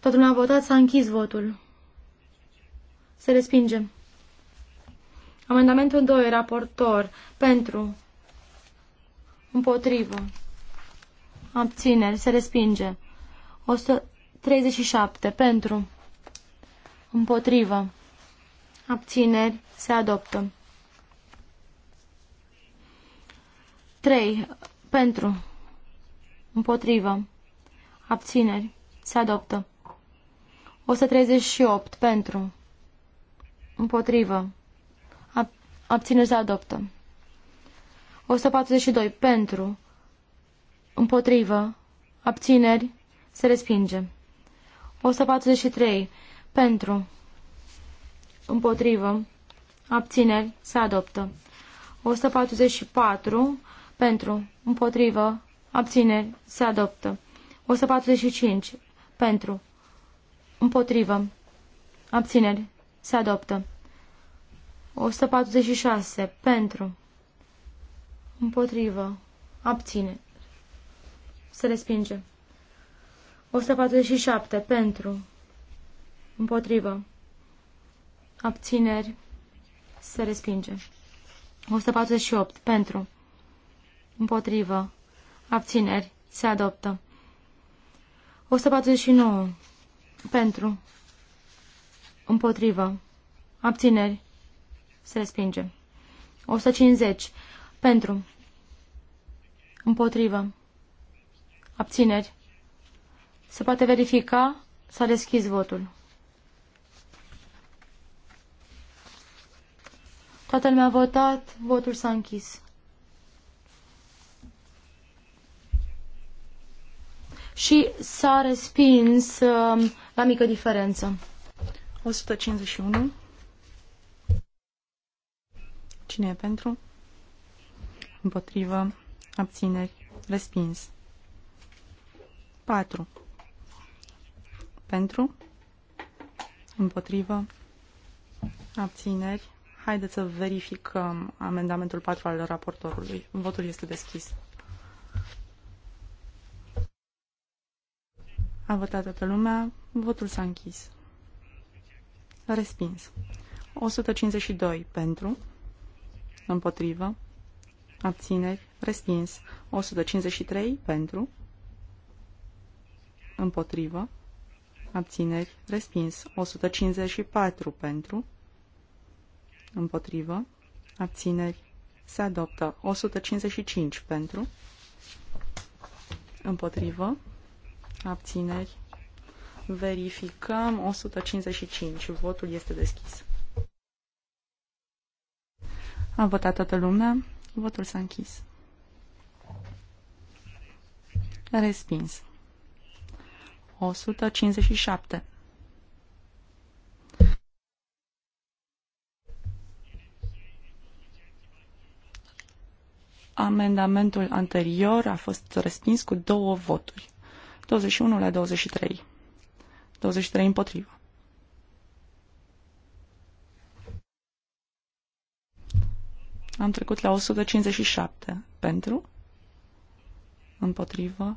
Toată lumea a votat, s-a închis votul. Se respinge. Amendamentul 2, raportor, pentru, împotrivă, abțineri, se respinge. 137, pentru, împotrivă abțineri, se adoptă. 3. Pentru, împotrivă, abțineri, se adoptă. 138. Pentru, împotrivă, ab abțineri, se adoptă. 142. Pentru, împotrivă, abțineri, se respinge. 143. Pentru, împotrivă, abțineri, se adoptă. 144 pentru, împotrivă, abțineri, se adoptă. 145 pentru, împotrivă, abțineri, se adoptă. 146 pentru, împotrivă, abțineri, se respinge. 147 pentru, împotrivă, abțineri, se respinge. 148. Pentru. Împotrivă. Abțineri. Se adoptă. 149. Pentru. Împotrivă. Abțineri. Se respinge. 150. Pentru. Împotrivă. Abțineri. Se poate verifica. S-a deschis votul. Toată lumea a votat, votul s-a închis. Și s-a respins uh, la mică diferență. 151. Cine e pentru? Împotrivă. Abțineri. Respins. 4. Pentru. Împotrivă. Abțineri. Haideți să verificăm amendamentul 4 al raportorului. Votul este deschis. A votat toată lumea. Votul s-a închis. Respins. 152 pentru. Împotrivă. Abțineri. Respins. 153 pentru. Împotrivă. Abțineri. Respins. 154 pentru împotrivă, abțineri, se adoptă. 155 pentru, împotrivă, abțineri, verificăm 155. Votul este deschis. A votat toată lumea. Votul s-a închis. Respins. 157 Amendamentul anterior a fost respins cu două voturi. 21 la 23. 23 împotrivă. Am trecut la 157. Pentru? Împotrivă?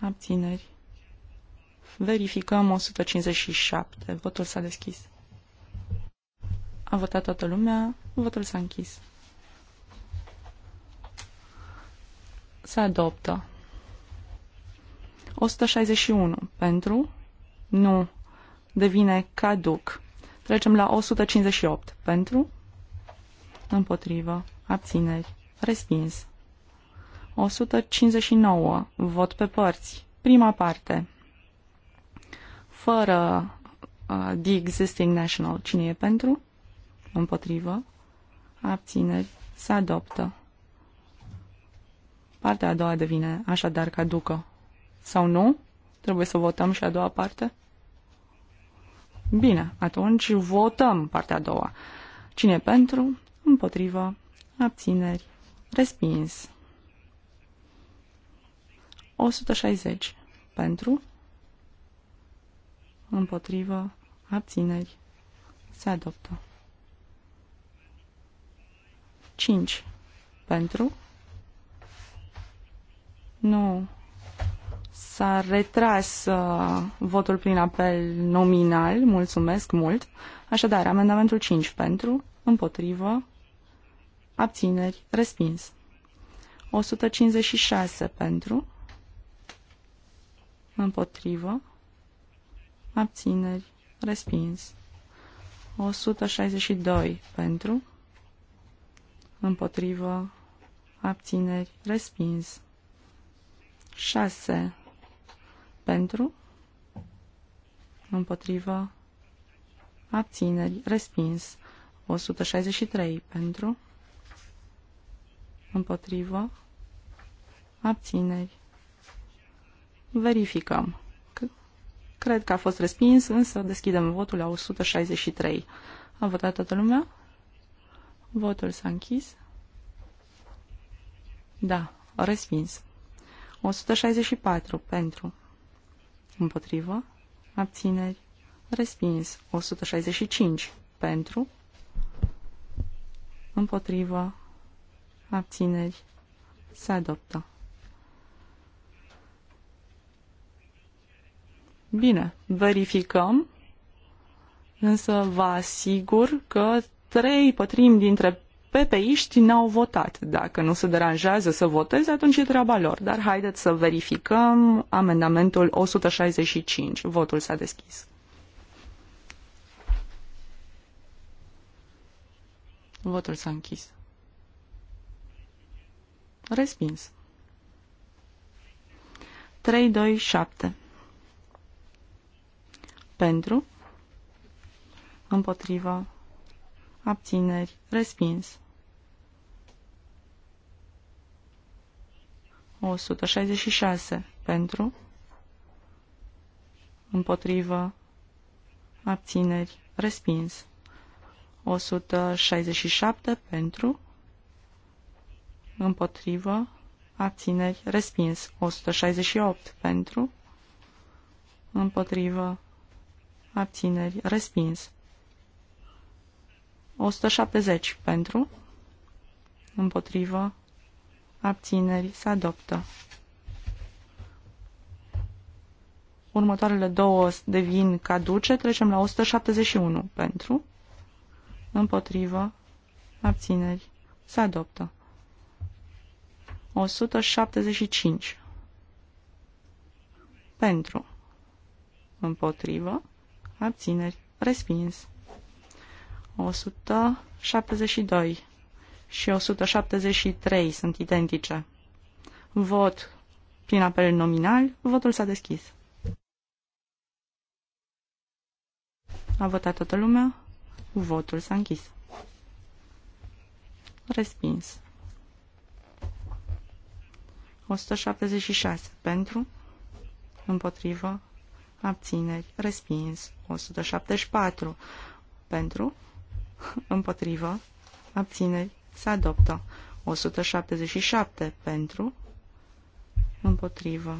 Abțineri. Verificăm 157. Votul s-a deschis. A votat toată lumea. Votul s-a închis. Se adoptă. 161 pentru. Nu. Devine caduc. Trecem la 158 pentru. Împotrivă. Abțineri. Respins. 159. Vot pe părți. Prima parte. Fără uh, the existing national. Cine e pentru? Împotrivă. Abțineri. Se adoptă. Partea a doua devine așadar caducă. Sau nu? Trebuie să votăm și a doua parte? Bine, atunci votăm partea a doua. Cine pentru? Împotrivă? Abțineri? Respins. 160 pentru? Împotrivă? Abțineri? Se adoptă. 5 pentru? Nu. S-a retras uh, votul prin apel nominal. Mulțumesc mult. Așadar, amendamentul 5 pentru, împotrivă, abțineri, respins. 156 pentru, împotrivă, abțineri, respins. 162 pentru, împotrivă, abțineri, respins. 6 pentru, împotrivă, abțineri, respins. 163 pentru, împotrivă, abțineri. Verificăm. Cred că a fost respins, însă deschidem votul la 163. A votat toată lumea? Votul s-a închis. Da, respins. 164 pentru, împotrivă, abțineri, respins. 165 pentru, împotrivă, abțineri, se adoptă. Bine, verificăm, însă vă asigur că trei pătrimi dintre ppeiști n-au votat. Dacă nu se deranjează să voteze, atunci e treaba lor. Dar haideți să verificăm amendamentul 165. Votul s-a deschis. Votul s-a închis. Respins. 3, 2, 7. Pentru. Împotriva. Abțineri. Respins. 166 pentru, împotrivă, abțineri, respins. 167 pentru, împotrivă, abțineri, respins. 168 pentru, împotrivă, abțineri, respins. 170 pentru, împotrivă, abțineri, se adoptă. Următoarele două devin caduce, trecem la 171 pentru, împotrivă, abțineri, se adoptă. 175 pentru, împotrivă, abțineri, respins. 172 și 173 sunt identice. Vot prin apel nominal, votul s-a deschis. A votat toată lumea, votul s-a închis. Respins. 176 pentru, împotrivă, abțineri, respins. 174 pentru, împotrivă, abțineri, se adoptă. 177 pentru, împotrivă,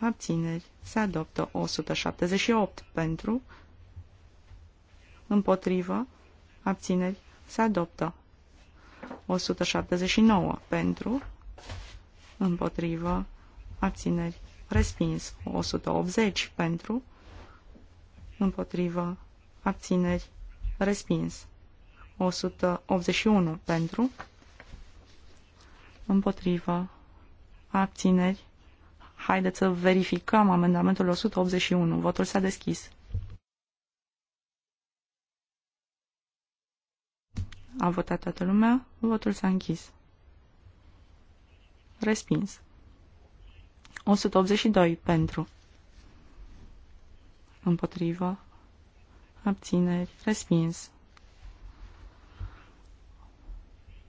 abțineri, se adoptă. 178 pentru, împotrivă, abțineri, se adoptă. 179 pentru, împotrivă, abțineri, respins. 180 pentru, împotrivă, abțineri, respins. 181 pentru, împotrivă, abțineri. Haideți să verificăm amendamentul 181. Votul s-a deschis. A votat toată lumea, votul s-a închis. Respins. 182 pentru. Împotrivă. Abțineri. Respins.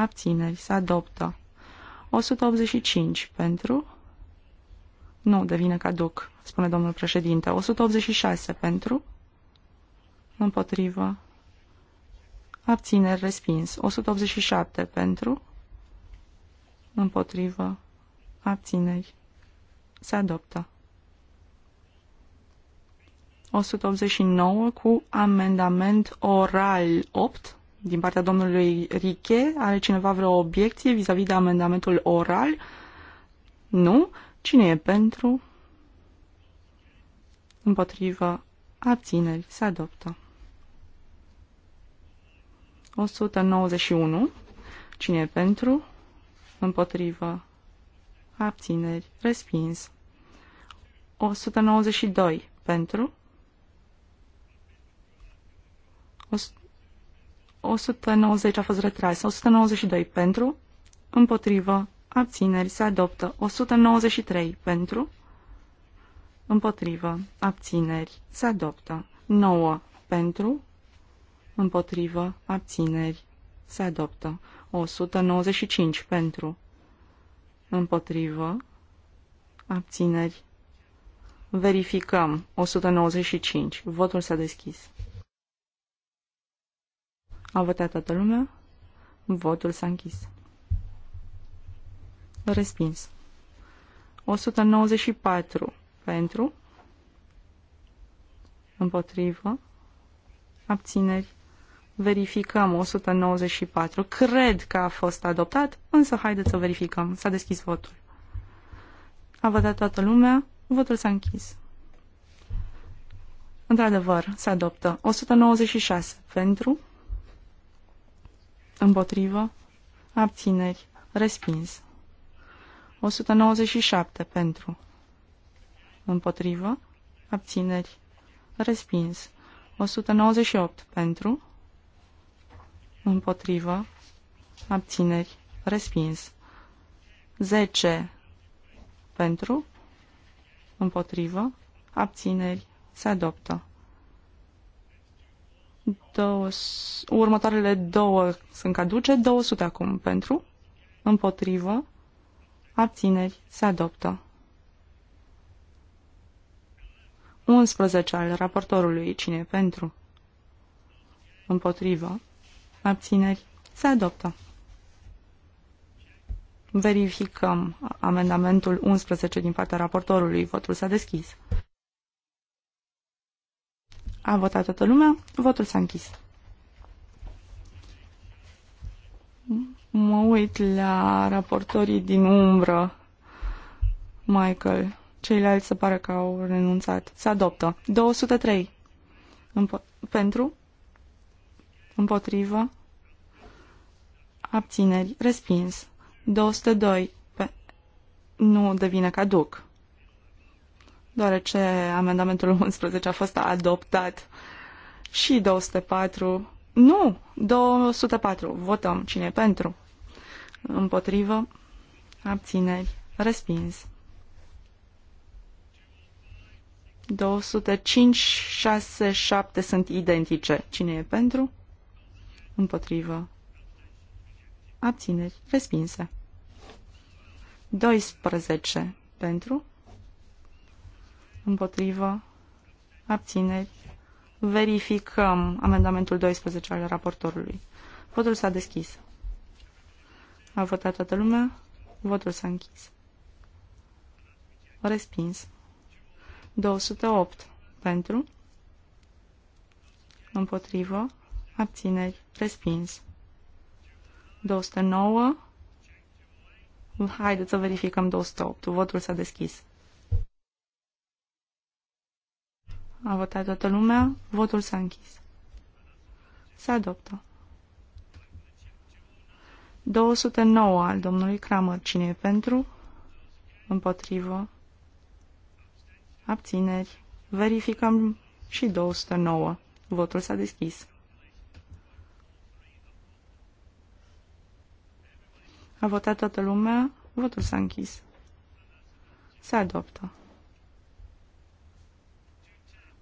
abțineri, se adoptă. 185 pentru, nu, devine caduc, spune domnul președinte. 186 pentru, împotrivă, abțineri, respins. 187 pentru, împotrivă, abțineri, se adoptă. 189 cu amendament oral 8 din partea domnului Riche. Are cineva vreo obiecție vis-a-vis -vis de amendamentul oral? Nu? Cine e pentru? Împotrivă. Abțineri. Se adoptă. 191. Cine e pentru? Împotrivă. Abțineri. Respins. 192. Pentru? 190 a fost retrasă, 192 pentru, împotrivă, abțineri, se adoptă. 193 pentru, împotrivă, abțineri, se adoptă. 9 pentru, împotrivă, abțineri, se adoptă. 195 pentru, împotrivă, abțineri. Verificăm. 195. Votul s-a deschis. A votat toată lumea? Votul s-a închis. Respins. 194 pentru, împotrivă, abțineri. Verificăm 194. Cred că a fost adoptat, însă haideți să verificăm. S-a deschis votul. A votat toată lumea, votul s-a închis. Într-adevăr, se adoptă 196 pentru, Împotrivă. Abțineri. Respins. 197 pentru. Împotrivă. Abțineri. Respins. 198 pentru. Împotrivă. Abțineri. Respins. 10 pentru. Împotrivă. Abțineri. Se adoptă. Două, următoarele două sunt caduce, 200 acum pentru, împotrivă, abțineri, se adoptă. 11 al raportorului, cine pentru, împotrivă, abțineri, se adoptă. Verificăm amendamentul 11 din partea raportorului. Votul s-a deschis. A votat toată lumea. Votul s-a închis. Mă uit la raportorii din umbră. Michael. Ceilalți se pare că au renunțat. Se adoptă. 203. Împo- pentru? Împotrivă? Abțineri. Respins. 202. Pe- nu devine caduc deoarece amendamentul 11 a fost adoptat și 204, nu, 204, votăm cine pentru, împotrivă, abțineri, respins. 205, 6, 7 sunt identice. Cine e pentru? Împotrivă. Abțineri. Respinse. 12 pentru împotrivă, abțineri. Verificăm amendamentul 12 al raportorului. Votul s-a deschis. A votat toată lumea. Votul s-a închis. Respins. 208 pentru, împotrivă, abțineri, respins. 209. Haideți să verificăm 208. Votul s-a deschis. A votat toată lumea. Votul s-a închis. Se adoptă. 209 al domnului Kramer. Cine e pentru? Împotrivă. Abțineri. Verificăm și 209. Votul s-a deschis. A votat toată lumea. Votul s-a închis. Se adoptă.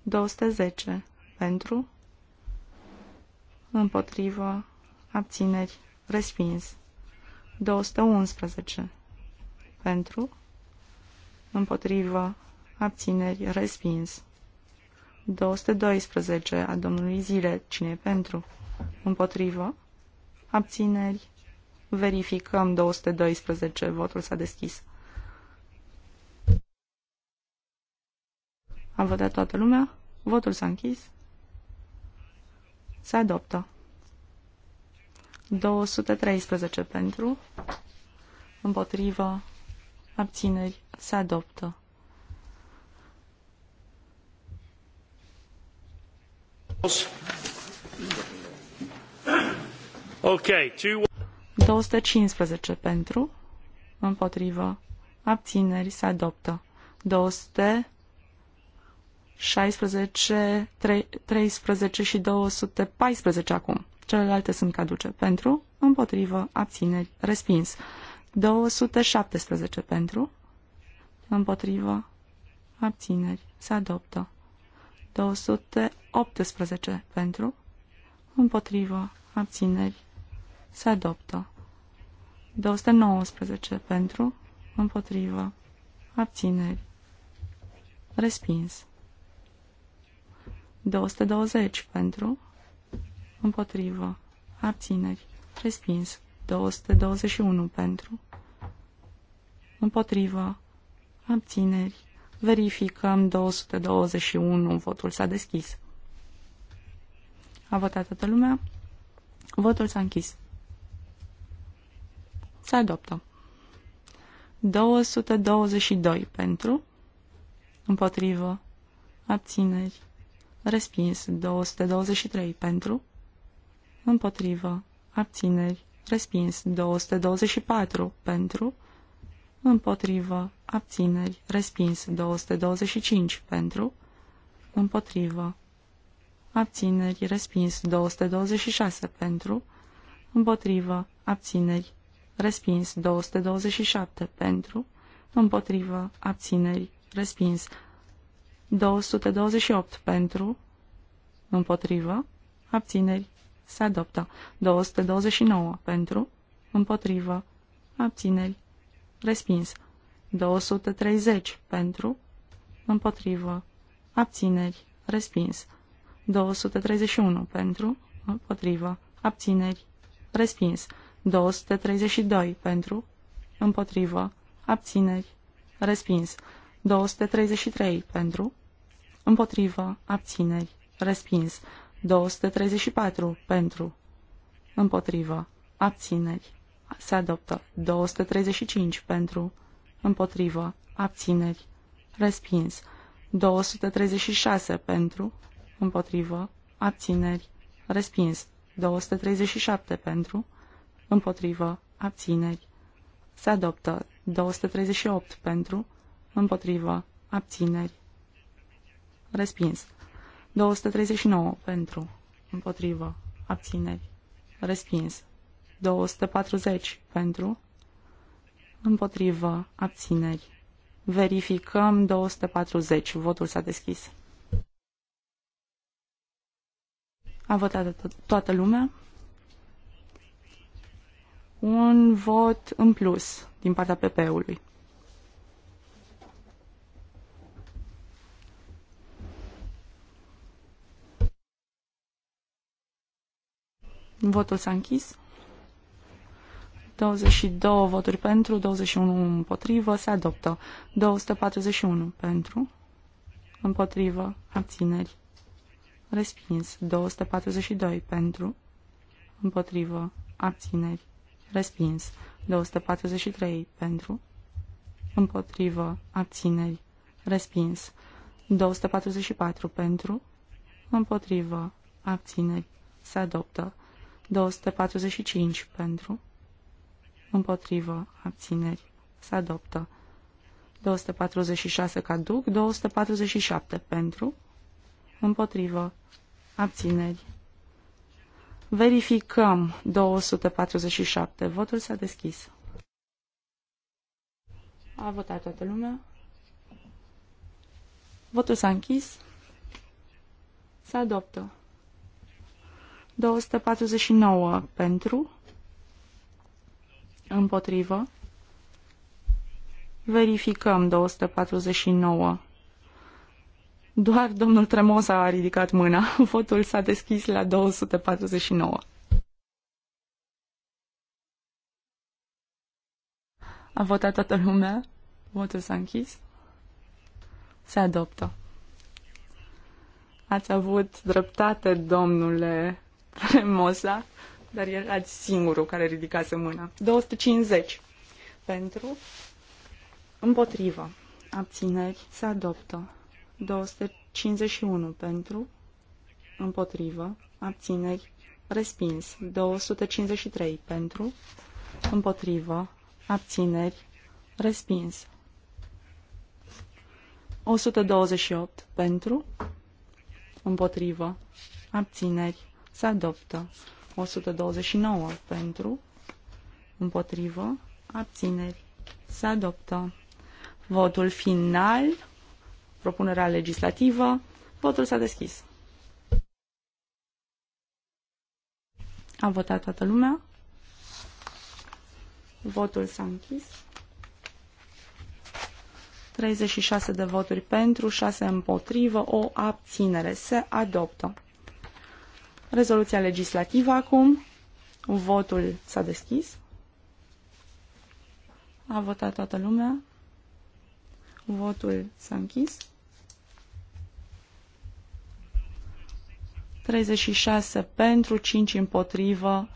210 pentru, împotrivă, abțineri, respins. 211 pentru, împotrivă, abțineri, respins. 212 a domnului Zile, cine pentru, împotrivă, abțineri, verificăm 212, votul s-a deschis. Am votat toată lumea. Votul s-a închis. Se adoptă. 213 pentru. Împotrivă. Abțineri. Se adoptă. Ok, 215 pentru, împotrivă, abțineri se adoptă. 200 16, 3, 13 și 214 acum. Celelalte sunt caduce. Pentru, împotrivă, abțineri, respins. 217 pentru, împotrivă, abțineri, se adoptă. 218 pentru, împotrivă, abțineri, se adoptă. 219 pentru, împotrivă, abțineri, respins. 220 pentru, împotrivă, abțineri, respins. 221 pentru, împotrivă, abțineri. Verificăm 221, votul s-a deschis. A votat toată lumea, votul s-a închis. Se adoptă. 222 pentru, împotrivă, abțineri respins 223 pentru, împotrivă, abțineri, respins 224 pentru, împotrivă, abțineri, respins 225 pentru, împotrivă, abțineri, respins 226 pentru, împotrivă, abțineri, respins 227 pentru, împotrivă, abțineri, respins 228 pentru, împotrivă, abțineri, se adoptă. 229 pentru, împotrivă, abțineri, respins. 230 pentru, împotrivă, abțineri, respins. 231 pentru, împotrivă, abțineri, respins. 232 pentru, împotrivă, abțineri, respins. 233 pentru, împotrivă, abțineri, respins. 234 pentru, împotrivă, abțineri, se adoptă. 235 pentru, împotrivă, abțineri, respins. 236 pentru, împotrivă, abțineri, respins. 237 pentru, împotrivă, abțineri, se adoptă. 238 pentru, împotrivă, abțineri, respins. 239 pentru, împotrivă, abțineri, respins. 240 pentru, împotrivă, abțineri. Verificăm 240. Votul s-a deschis. A votat to toată lumea. Un vot în plus din partea PP-ului. Votul s-a închis. 22 voturi pentru, 21 împotrivă, se adoptă. 241 pentru, împotrivă, abțineri, respins. 242 pentru, împotrivă, abțineri, respins. 243 pentru, împotrivă, abțineri, respins. 244 pentru, împotrivă, abțineri, se adoptă. 245 pentru, împotrivă, abțineri, se adoptă. 246 caduc, 247 pentru, împotrivă, abțineri. Verificăm 247. Votul s-a deschis. A votat toată lumea. Votul s-a închis. Se adoptă. 249 pentru, împotrivă. Verificăm 249. Doar domnul Tremosa a ridicat mâna. Votul s-a deschis la 249. A votat toată lumea. Votul s-a închis. Se adoptă. Ați avut dreptate, domnule Mosa, dar era singurul care ridicase mâna. 250 pentru, împotrivă, abțineri, se adoptă. 251 pentru, împotrivă, abțineri, respins. 253 pentru, împotrivă, abțineri, respins. 128 pentru, împotrivă, abțineri, se adoptă. 129 pentru, împotrivă, abțineri, se adoptă. Votul final, propunerea legislativă, votul s-a deschis. A votat toată lumea. Votul s-a închis. 36 de voturi pentru, 6 împotrivă, o abținere. Se adoptă. Rezoluția legislativă acum. Votul s-a deschis. A votat toată lumea. Votul s-a închis. 36 pentru, 5 împotrivă,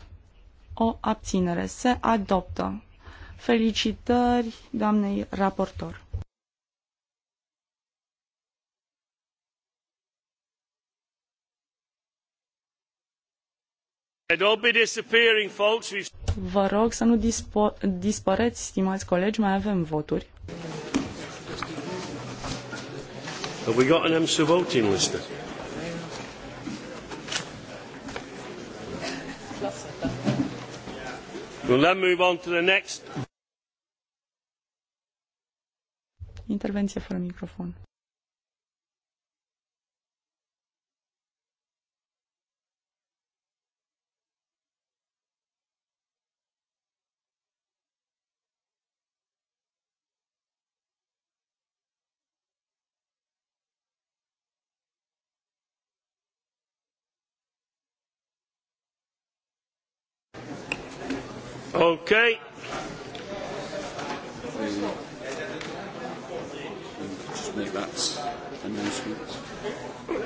o abținere. Se adoptă. Felicitări doamnei raportor. Vă rog să nu dispo- dispăreți, stimați colegi, mai avem voturi. Have we got an EMSA voting list? We'll then move on to the next. Intervenție fără microfon. Okay.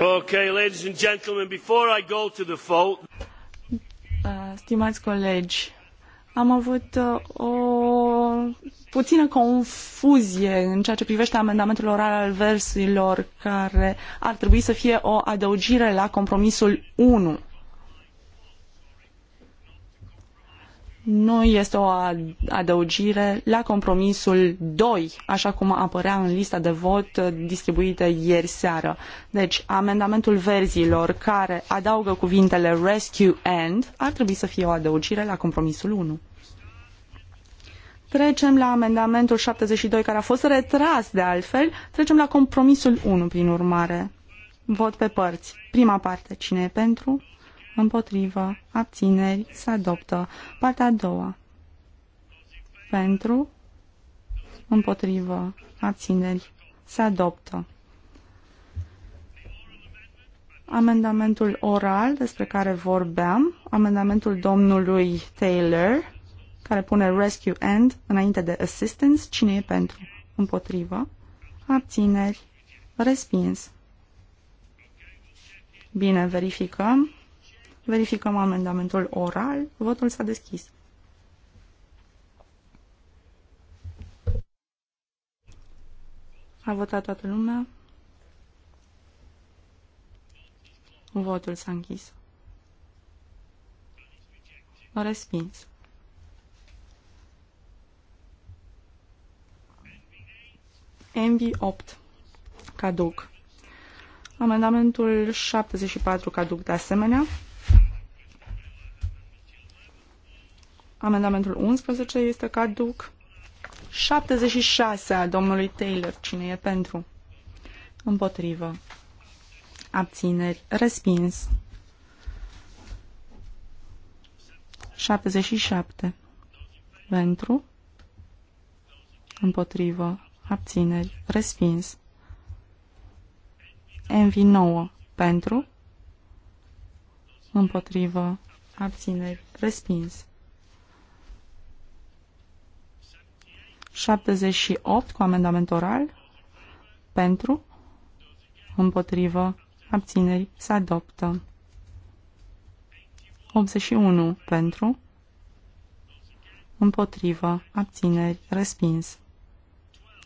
Okay, ladies and gentlemen, before I go to the vote. Uh, stimați colegi, am avut uh, o puțină confuzie în ceea ce privește amendamentul oral al versurilor care ar trebui să fie o adăugire la compromisul 1. nu este o adăugire la compromisul 2, așa cum apărea în lista de vot distribuită ieri seară. Deci, amendamentul verzilor care adaugă cuvintele rescue and ar trebui să fie o adăugire la compromisul 1. Trecem la amendamentul 72, care a fost retras de altfel. Trecem la compromisul 1, prin urmare. Vot pe părți. Prima parte. Cine e pentru? împotrivă, abțineri, se adoptă. Partea a doua, pentru, împotrivă, abțineri, se adoptă. Amendamentul oral despre care vorbeam, amendamentul domnului Taylor, care pune rescue and înainte de assistance, cine e pentru? Împotrivă, abțineri, respins. Bine, verificăm. Verificăm amendamentul oral. Votul s-a deschis. A votat toată lumea. Votul s-a închis. Respins. MV8 caduc. Amendamentul 74 caduc de asemenea. Amendamentul 11 este caduc. 76 a domnului Taylor. Cine e pentru? Împotrivă. Abțineri. Respins. 77. Pentru. Împotrivă. Abțineri. Respins. Envi 9 Pentru. Împotrivă. Abțineri. Respins. 78 cu amendament oral pentru, împotrivă, abțineri, se adoptă. 81 pentru, împotrivă, abțineri, respins.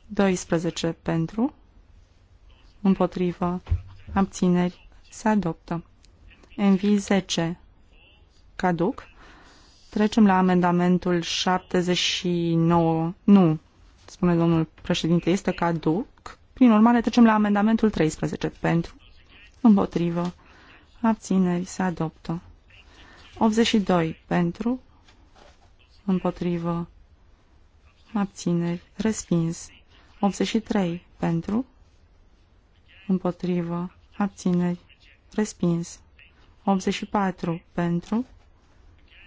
12 pentru, împotrivă, abțineri, se adoptă. MV 10 caduc. Trecem la amendamentul 79. Nu, spune domnul președinte, este caduc. Prin urmare, trecem la amendamentul 13. Pentru, împotrivă, abțineri, se adoptă. 82. Pentru, împotrivă, abțineri, respins. 83. Pentru, împotrivă, abțineri, respins. 84. Pentru,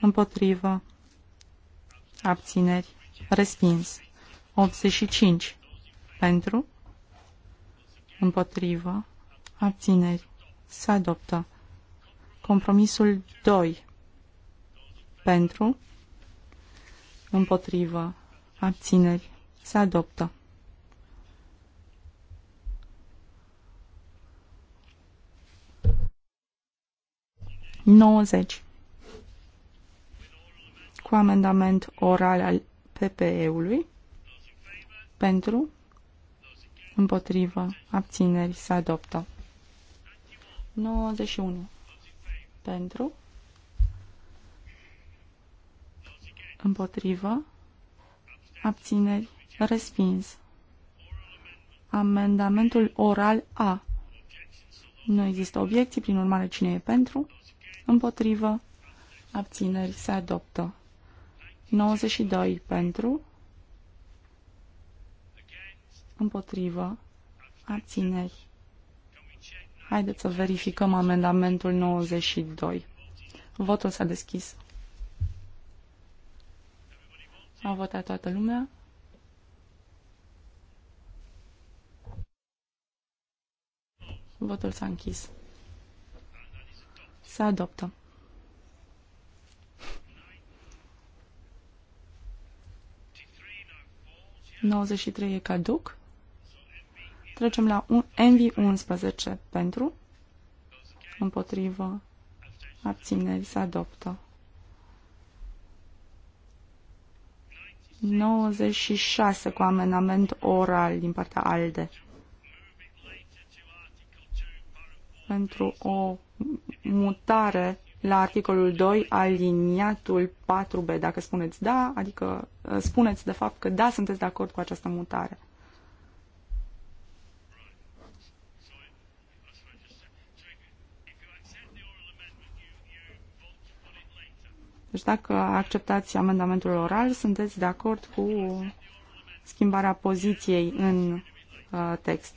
împotrivă, abțineri, respins. 85 pentru, împotrivă, abțineri, se adoptă. Compromisul 2 pentru, împotrivă, abțineri, se adoptă. Nouăzeci cu amendament oral al PPE-ului. Pentru. Împotrivă. Abțineri. Se adoptă. 91. Pentru. Împotrivă. Abțineri. Respins. Amendamentul oral A. Nu există obiecții, prin urmare cine e pentru? Împotrivă. Abțineri. Se adoptă. 92 pentru, împotrivă, abțineri. Haideți să verificăm amendamentul 92. Votul s-a deschis. A votat toată lumea. Votul s-a închis. Se adoptă. 93 e caduc. Trecem la un, NV11 pentru, împotrivă, abțineri, se adoptă. 96 cu amenament oral din partea ALDE. Pentru o mutare la articolul 2, aliniatul 4b. Dacă spuneți da, adică uh, spuneți de fapt că da, sunteți de acord cu această mutare. Deci dacă acceptați amendamentul oral, sunteți de acord cu schimbarea poziției în uh, text.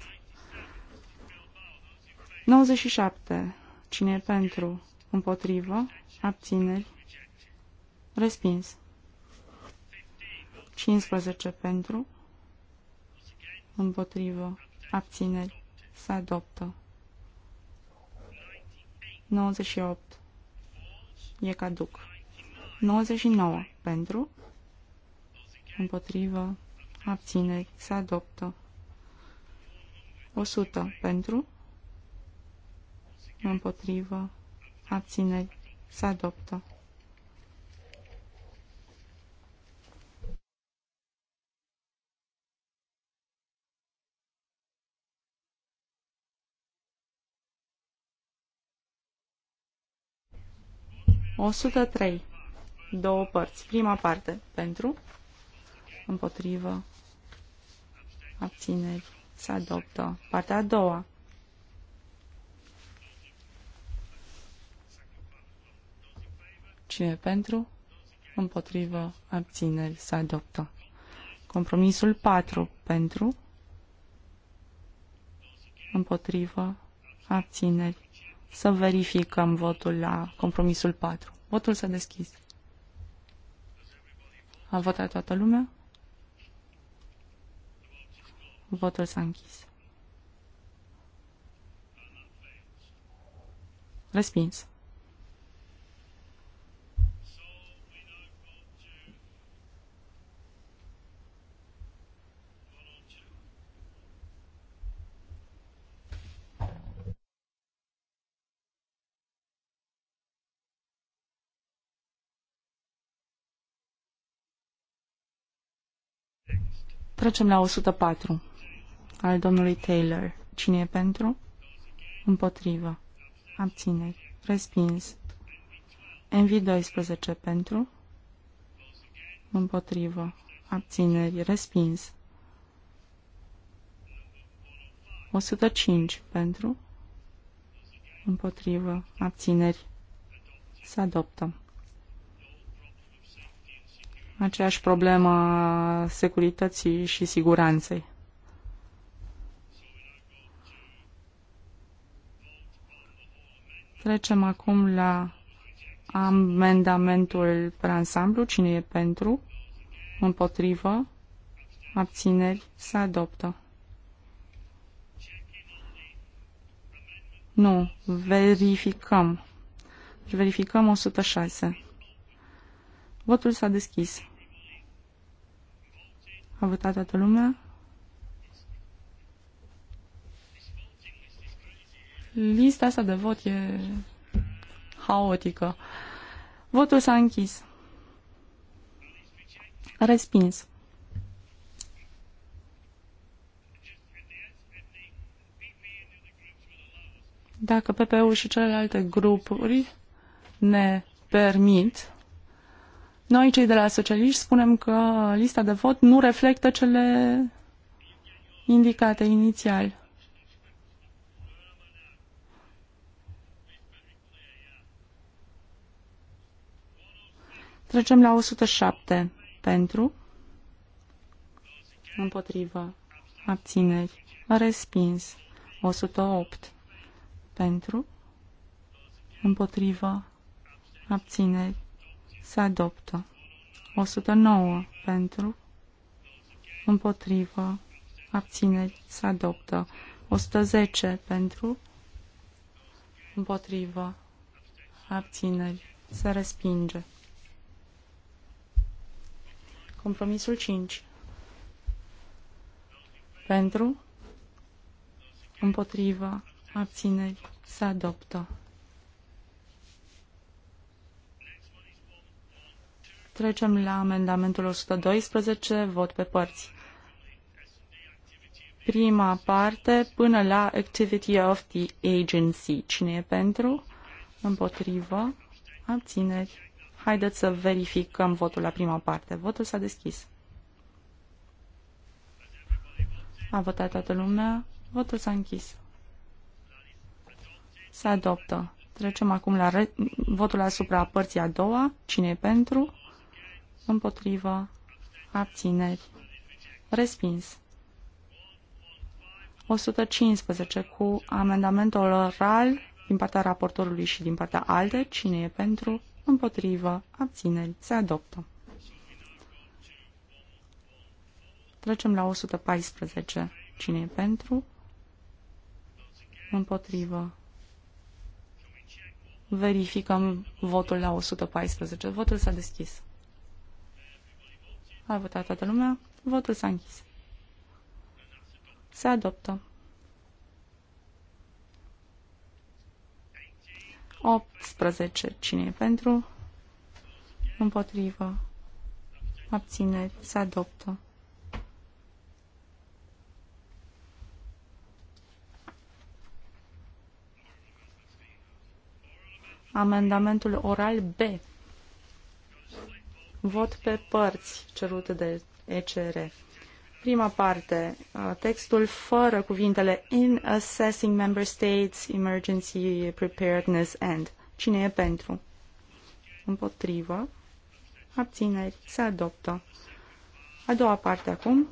97. Cine e pentru? Împotrivă. Abțineri. Respins. 15 pentru. Împotrivă. Abțineri. Se adoptă. 98. E caduc. 99 pentru. Împotrivă. Abțineri. Se adoptă. 100 pentru. Împotrivă abțineri, să adoptă. O sută trei. Două părți. Prima parte. Pentru. Împotrivă. Abțineri. Se adoptă. Partea a doua. Cine pentru? Împotrivă. Abțineri. Se adoptă. Compromisul 4. Pentru. Împotrivă. Abțineri. Să verificăm votul la compromisul 4. Votul s-a deschis. A votat toată lumea? Votul s-a închis. Respins. Trecem la 104 al domnului Taylor. Cine e pentru? Împotrivă. Abțineri. Respins. MV12 pentru. Împotrivă. Abțineri. Respins. 105 pentru. Împotrivă. Abțineri. Se adoptă aceeași problemă a securității și siguranței. Trecem acum la amendamentul pe ansamblu. Cine e pentru? Împotrivă? Abțineri? Se adoptă. Nu. Verificăm. Deci verificăm 106. Votul s-a deschis. A votat toată lumea? Lista asta de vot e haotică. Votul s-a închis. Respins. Dacă PPU și celelalte grupuri ne permit, noi, cei de la socialiști, spunem că lista de vot nu reflectă cele indicate inițial. Trecem la 107. Pentru. Împotrivă. Abțineri. Respins. 108. Pentru. Împotrivă. Abțineri se adoptă. 109 pentru, împotrivă, abțineri, se adoptă. 110 pentru, împotrivă, abțineri, se respinge. Compromisul 5 pentru, împotrivă, abțineri, se adoptă. Trecem la amendamentul 112, vot pe părți. Prima parte până la Activity of the Agency. Cine e pentru? Împotrivă? Abțineri? Haideți să verificăm votul la prima parte. Votul s-a deschis. A votat toată lumea. Votul s-a închis. Se adoptă. Trecem acum la re- votul asupra părții a doua. Cine e pentru? împotrivă, abțineri, respins. 115 cu amendamentul oral din partea raportorului și din partea alte, cine e pentru, împotrivă, abțineri, se adoptă. Trecem la 114. Cine e pentru? Împotrivă. Verificăm votul la 114. Votul s-a deschis. A votat toată lumea. Votul s-a închis. Se adoptă. 18. Cine e pentru? Împotrivă. Abțineri. Se adoptă. Amendamentul oral B. Vot pe părți cerut de ECR. Prima parte, uh, textul fără cuvintele In assessing member states emergency preparedness and. Cine e pentru? Împotrivă. Abțineri. Se adoptă. A doua parte acum.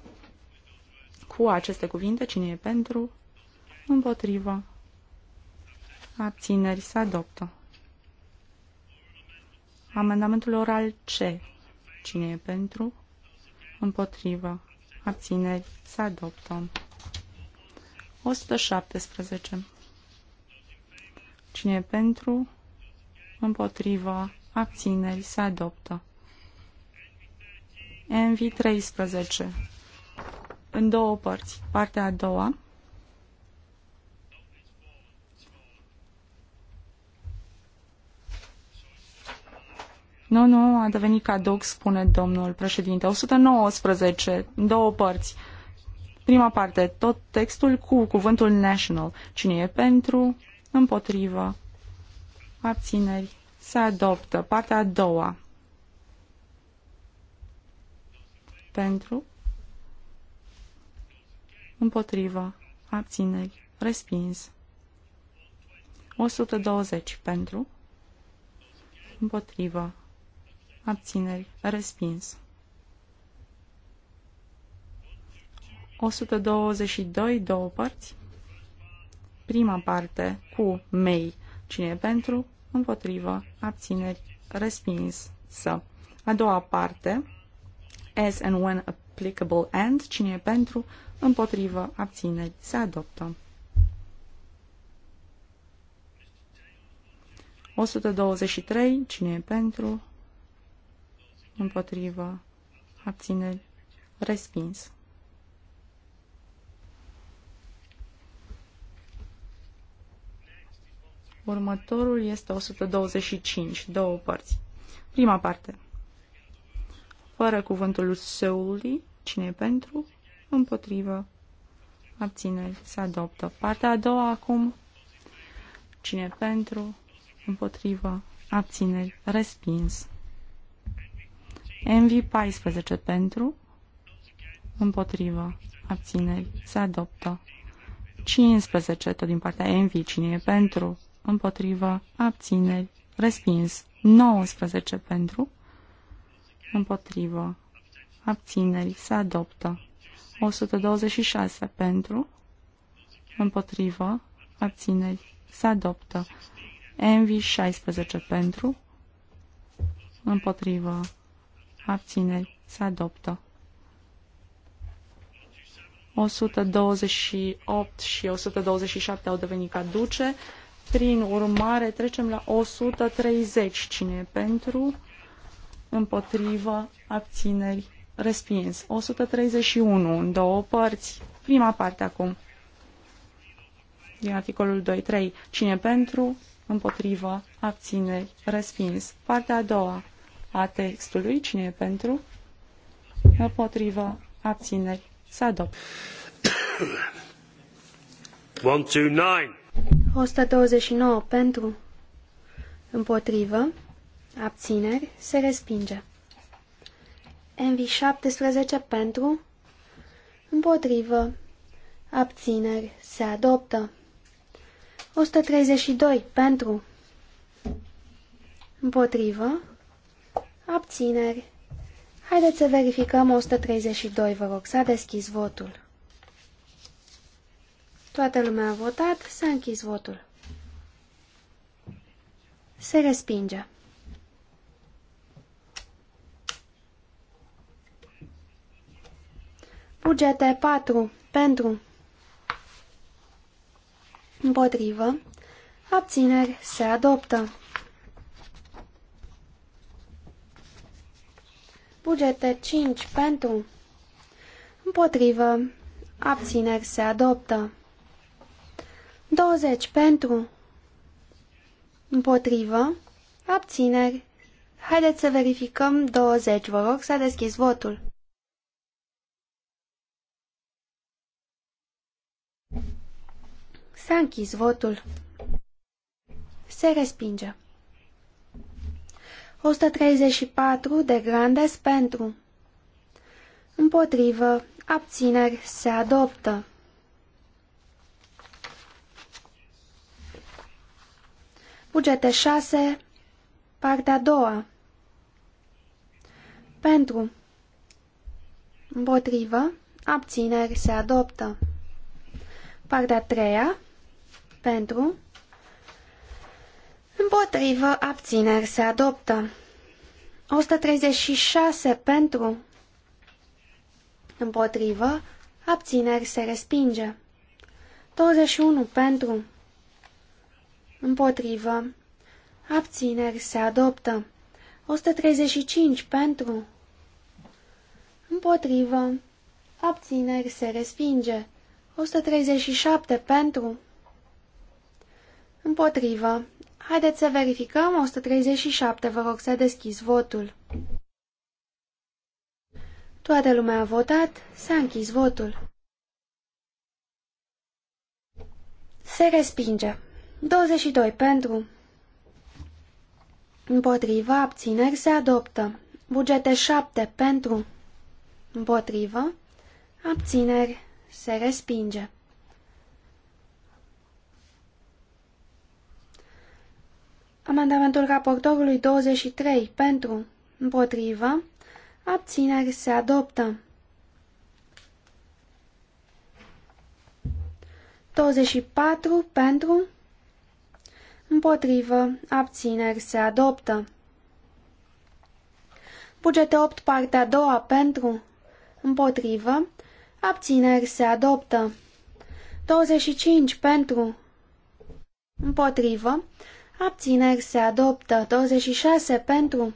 Cu aceste cuvinte, cine e pentru? Împotrivă. Abțineri. Se adoptă. Amendamentul oral C. Cine e pentru? Împotrivă. Abțineri. Se adoptă. 117. Cine e pentru? Împotrivă. Abțineri. Se adoptă. Envi 13. În două părți. Partea a doua. Nu, nu, a devenit cadoc, spune domnul președinte. 119, două părți. Prima parte, tot textul cu cuvântul national. Cine e pentru, împotrivă, abțineri, se adoptă. Partea a doua. Pentru, împotrivă, abțineri, respins. 120 pentru, împotrivă, abțineri, respins. 122, două părți. Prima parte cu mei, cine e pentru, împotrivă, abțineri, respins, să. A doua parte, as and when applicable and, cine e pentru, împotrivă, abțineri, se adoptă. 123, cine e pentru, împotrivă, abțineri, respins. Următorul este 125, două părți. Prima parte. Fără cuvântul Seului, cine e pentru, împotrivă, abțineri, se adoptă. Partea a doua acum, cine e pentru, împotrivă, abțineri, respins. MV14 pentru, împotrivă, abțineri, se adoptă. 15, tot din partea MV, cine e pentru, împotrivă, abțineri, respins. 19 pentru, împotrivă, abțineri, se adoptă. 126 pentru, împotrivă, abțineri, se adoptă. MV 16 pentru, împotrivă, abțineri, se adoptă. 128 și 127 au devenit caduce. Prin urmare, trecem la 130. Cine e pentru? Împotrivă, abțineri, respins. 131 în două părți. Prima parte acum. Din articolul 2.3. Cine pentru? Împotrivă, abțineri, respins. Partea a doua a textului. Cine e pentru? Împotrivă. Abțineri. Se adoptă. 129. 129 pentru. Împotrivă. Abțineri. Se respinge. Envi 17 pentru. Împotrivă. Abțineri. Se adoptă. 132 pentru. Împotrivă. Abțineri. Haideți să verificăm 132, vă rog, s-a deschis votul. Toată lumea a votat, s-a închis votul. Se respinge. Bugete 4. Pentru. Împotrivă. Abțineri. Se adoptă. Bugete 5 pentru. Împotrivă. Abțineri se adoptă. 20 pentru. Împotrivă. Abțineri. Haideți să verificăm 20, vă rog, s-a deschis votul. S-a închis votul. Se respinge. 134 de Grandes pentru. Împotrivă, abțineri, se adoptă. Bugete 6, partea a doua. Pentru. Împotrivă, abțineri, se adoptă. Partea a treia. Pentru. Împotrivă, abțineri se adoptă. 136 pentru. Împotrivă, abțineri se respinge. 21 pentru. Împotrivă, abțineri se adoptă. 135 pentru. Împotrivă, abțineri se respinge. 137 pentru. Împotrivă, Haideți să verificăm. 137, vă rog să deschis votul. Toată lumea a votat, s-a închis votul. Se respinge. 22 pentru. Împotriva, abțineri, se adoptă. Bugete 7 pentru. Împotrivă, abțineri, se respinge. Amendamentul raportorului 23 pentru, împotrivă, abțineri se adoptă. 24 pentru, împotrivă, abțineri se adoptă. Bugete 8, partea a doua, pentru, împotrivă, abțineri se adoptă. 25 pentru, împotrivă, Abțineri se adoptă 26 pentru.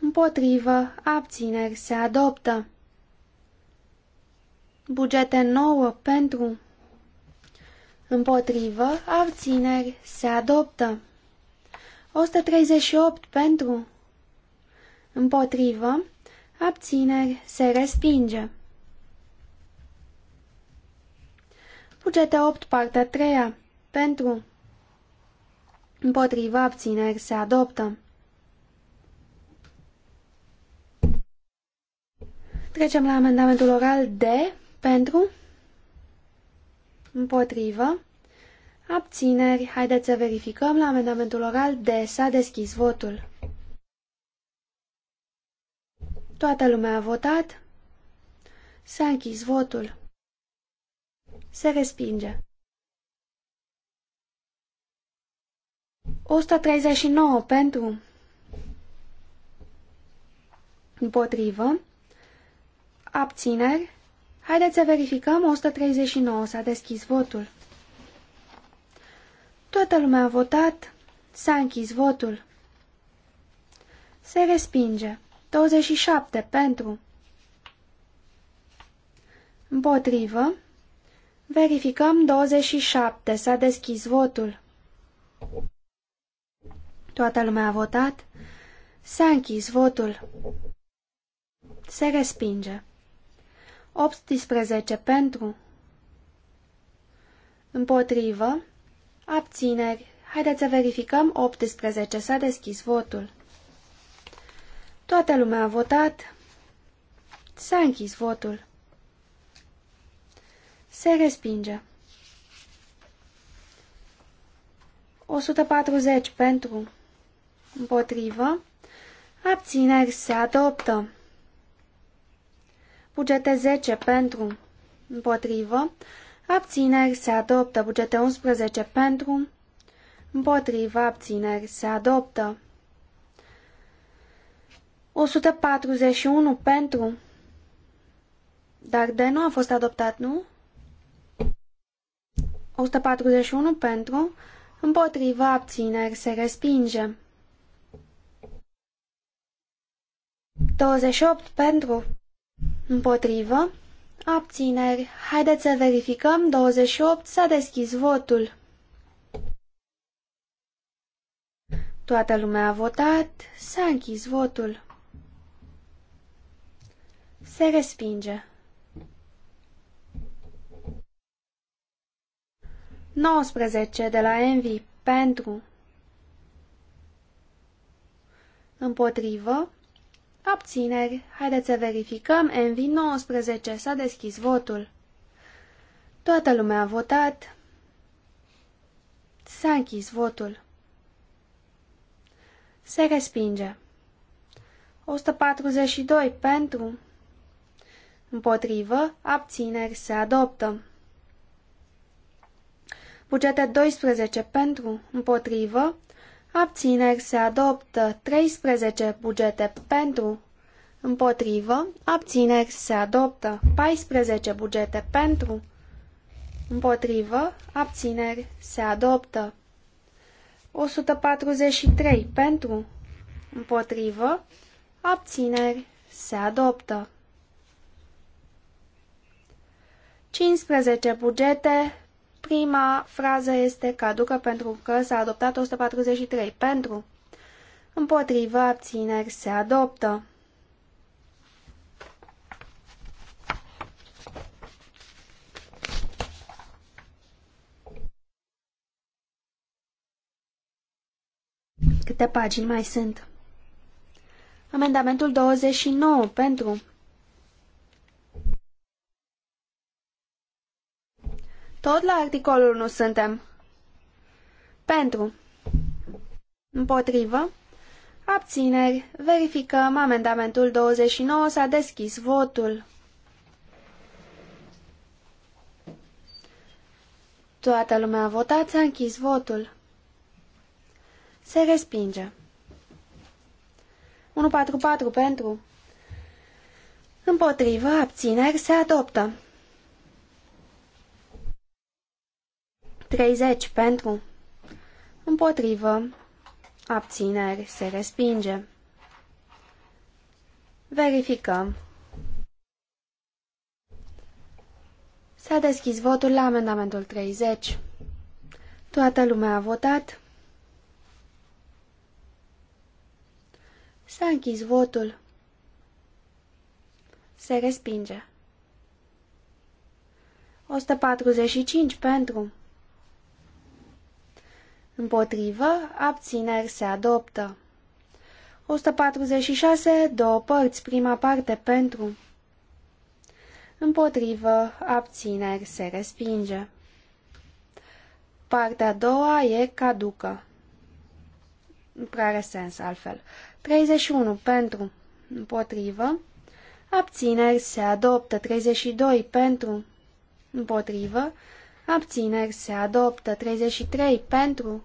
Împotrivă, abțineri se adoptă. Bugete 9 pentru. Împotrivă, abțineri se adoptă. 138 pentru. Împotrivă, abțineri se respinge. Bugete 8, partea 3 pentru. Împotriva abțineri se adoptă. Trecem la amendamentul oral D pentru împotrivă abțineri. Haideți să verificăm la amendamentul oral D s-a deschis votul. Toată lumea a votat. S-a închis votul. Se respinge. 139 pentru împotrivă, abțineri. Haideți să verificăm 139, s-a deschis votul. Toată lumea a votat, s-a închis votul. Se respinge. 27 pentru. Împotrivă. Verificăm 27. S-a deschis votul. Toată lumea a votat. S-a închis votul. Se respinge. 18 pentru. Împotrivă. Abțineri. Haideți să verificăm. 18 s-a deschis votul. Toată lumea a votat. S-a închis votul. Se respinge. 140 pentru. Împotrivă. Abțineri se adoptă. Bugete 10 pentru. Împotrivă. Abțineri se adoptă. Bugete 11 pentru. Împotrivă. Abțineri se adoptă. 141 pentru. Dar de nu a fost adoptat, nu? 141 pentru. Împotrivă. Abțineri se respinge. 28 pentru. Împotrivă. Abțineri. Haideți să verificăm. 28. S-a deschis votul. Toată lumea a votat. S-a închis votul. Se respinge. 19 de la Envy pentru împotrivă, Abțineri. Haideți să verificăm. MV19. S-a deschis votul. Toată lumea a votat. S-a închis votul. Se respinge. 142 pentru. Împotrivă. Abțineri. Se adoptă. Bugete 12 pentru. Împotrivă. Abțineri se adoptă 13 bugete pentru, împotrivă. Abțineri se adoptă 14 bugete pentru, împotrivă. Abțineri se adoptă 143 pentru, împotrivă. Abțineri se adoptă 15 bugete Prima frază este caducă pentru că s-a adoptat 143 pentru. Împotrivă abțineri se adoptă. Câte pagini mai sunt? Amendamentul 29 pentru Tot la articolul nu suntem. Pentru. Împotrivă. Abțineri. Verificăm amendamentul 29. S-a deschis votul. Toată lumea a votat, s-a închis votul. Se respinge. 144 pentru. Împotrivă, abțineri, se adoptă. 30 pentru. Împotrivă. Abțineri se respinge. Verificăm. S-a deschis votul la amendamentul 30. Toată lumea a votat. S-a închis votul. Se respinge. 145 pentru. Împotrivă, abțineri se adoptă. 146, două părți, prima parte pentru. Împotrivă, abțineri se respinge. Partea a doua e caducă. Nu prea are sens altfel. 31 pentru. Împotrivă. Abțineri se adoptă. 32 pentru. Împotrivă. Abțineri se adoptă 33 pentru.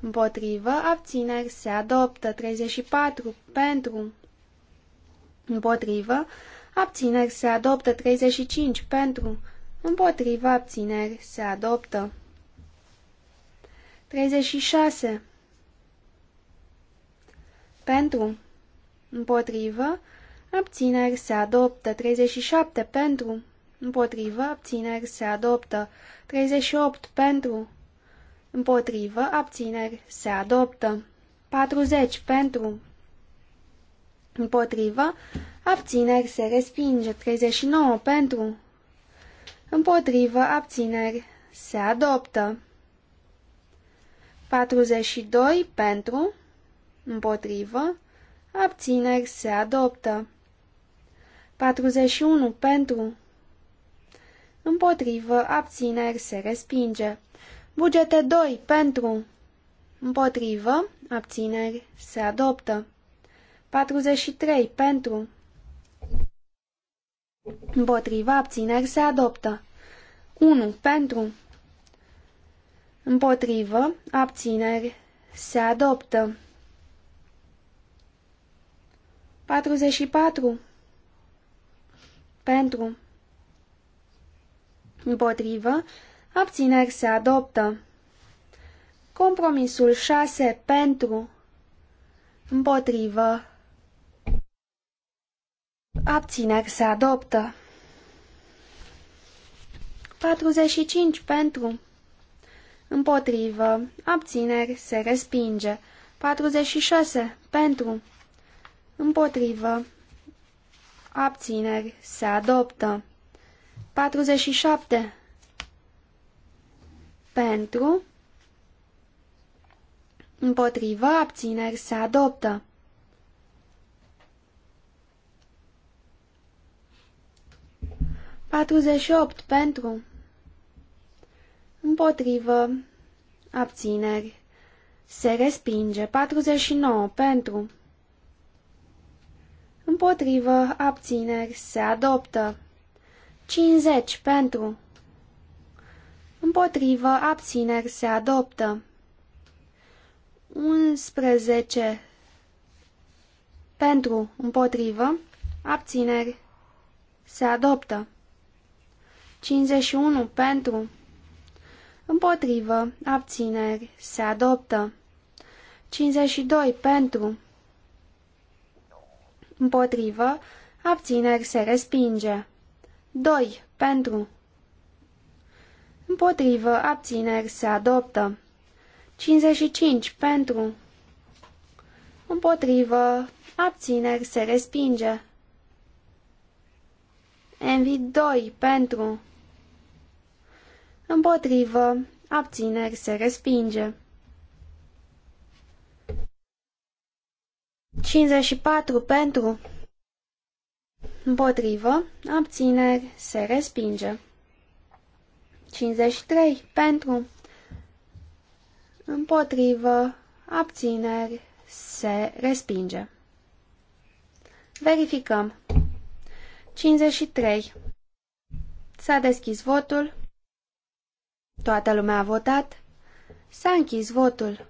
Împotrivă, abțineri se adoptă 34 pentru. Împotrivă, abțineri se adoptă 35 pentru. Împotrivă, abțineri se adoptă. 36 pentru. Împotrivă, abțineri se adoptă 37 pentru. Împotrivă, abțineri, se adoptă. 38 pentru. Împotrivă, abțineri, se adoptă. 40 pentru. Împotrivă, abțineri, se respinge. 39 pentru. Împotrivă, abțineri, se adoptă. 42 pentru. Împotrivă, abțineri, se adoptă. 41 pentru împotrivă, abțineri, se respinge. Bugete 2, pentru, împotrivă, abțineri, se adoptă. 43, pentru, împotrivă, abțineri, se adoptă. 1, pentru, împotrivă, abțineri, se adoptă. 44, pentru, Împotrivă. Abțineri se adoptă. Compromisul 6 pentru. Împotrivă. Abțineri se adoptă. 45 pentru. Împotrivă. Abțineri se respinge. 46 pentru. Împotrivă. Abțineri se adoptă. 47 pentru, împotrivă, abțineri, se adoptă. Patruzeci opt pentru, împotrivă, abțineri, se respinge. 49 pentru, împotrivă, abțineri, se adoptă. 50 pentru. Împotrivă, abțineri se adoptă. 11 pentru, împotrivă, abțineri se adoptă. 51 pentru, împotrivă, abțineri se adoptă. 52 pentru, împotrivă, abțineri se respinge. 2. Pentru. Împotrivă. Abțineri. Se adoptă. 55. Pentru. Împotrivă. Abțineri. Se respinge. Envi 2. Pentru. Împotrivă. Abțineri. Se respinge. 54. Pentru. Împotrivă, abțineri, se respinge. 53. Pentru. Împotrivă, abțineri, se respinge. Verificăm. 53. S-a deschis votul. Toată lumea a votat. S-a închis votul.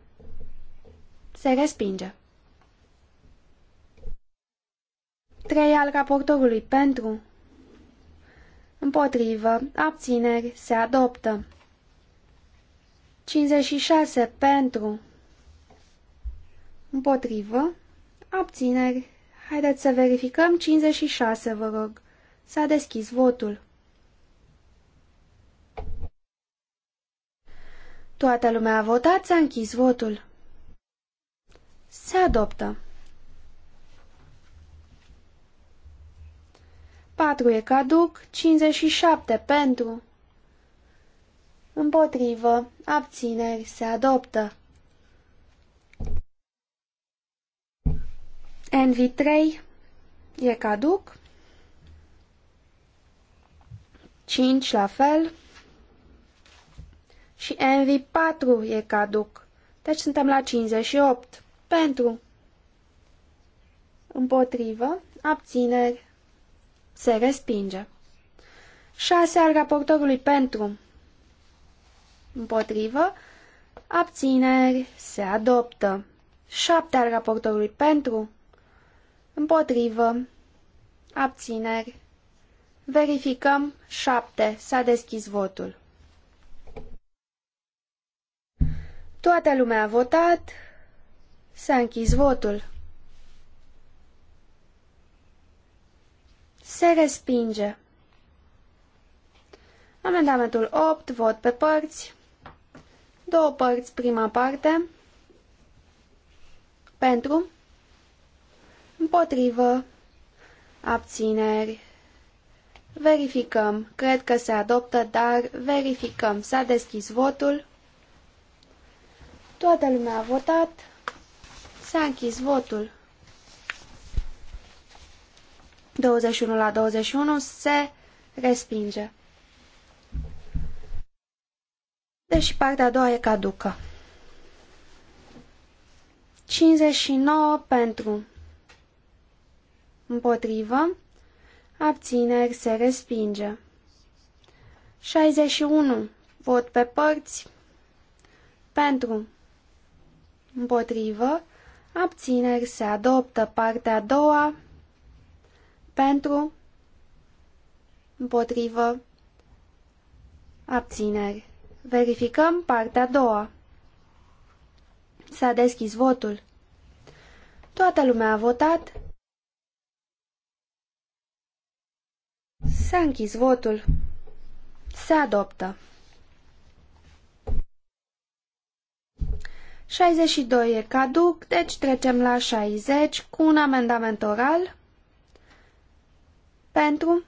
Se respinge. 3 al raportorului pentru. Împotrivă. Abțineri. Se adoptă. 56 pentru. Împotrivă. Abțineri. Haideți să verificăm 56, vă rog. S-a deschis votul. Toată lumea a votat, s-a închis votul. Se adoptă. 4 e caduc, 57 pentru. Împotrivă, abțineri, se adoptă. NV3 e caduc. 5 la fel. Și NV4 e caduc. Deci suntem la 58. Pentru. Împotrivă, abțineri, se respinge. Șase al raportorului pentru. Împotrivă. Abțineri. Se adoptă. Șapte al raportorului pentru. Împotrivă. Abțineri. Verificăm Șapte S-a deschis votul. Toată lumea a votat. S-a închis votul. Se respinge. Amendamentul 8, vot pe părți. Două părți, prima parte. Pentru. Împotrivă. Abțineri. Verificăm. Cred că se adoptă, dar verificăm. S-a deschis votul. Toată lumea a votat. S-a închis votul. 21 la 21 se respinge. Deci partea a doua e caducă. 59 pentru împotrivă, abțineri se respinge. 61 vot pe părți pentru împotrivă, abțineri se adoptă partea a doua pentru, împotrivă, abțineri. Verificăm partea a doua. S-a deschis votul. Toată lumea a votat. S-a închis votul. Se adoptă. 62 e caduc, deci trecem la 60 cu un amendament oral. Pentru,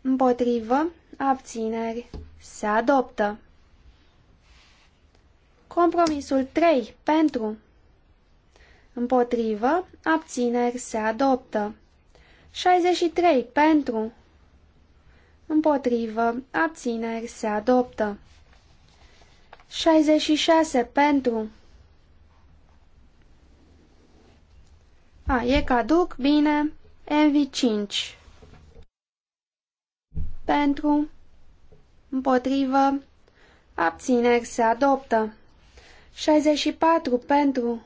împotrivă, abțineri, se adoptă. Compromisul 3. Pentru, împotrivă, abțineri, se adoptă. 63. Pentru, împotrivă, abțineri, se adoptă. 66. Pentru, a, e caduc, bine. MV5 pentru, împotrivă, abțineri se adoptă. 64 pentru,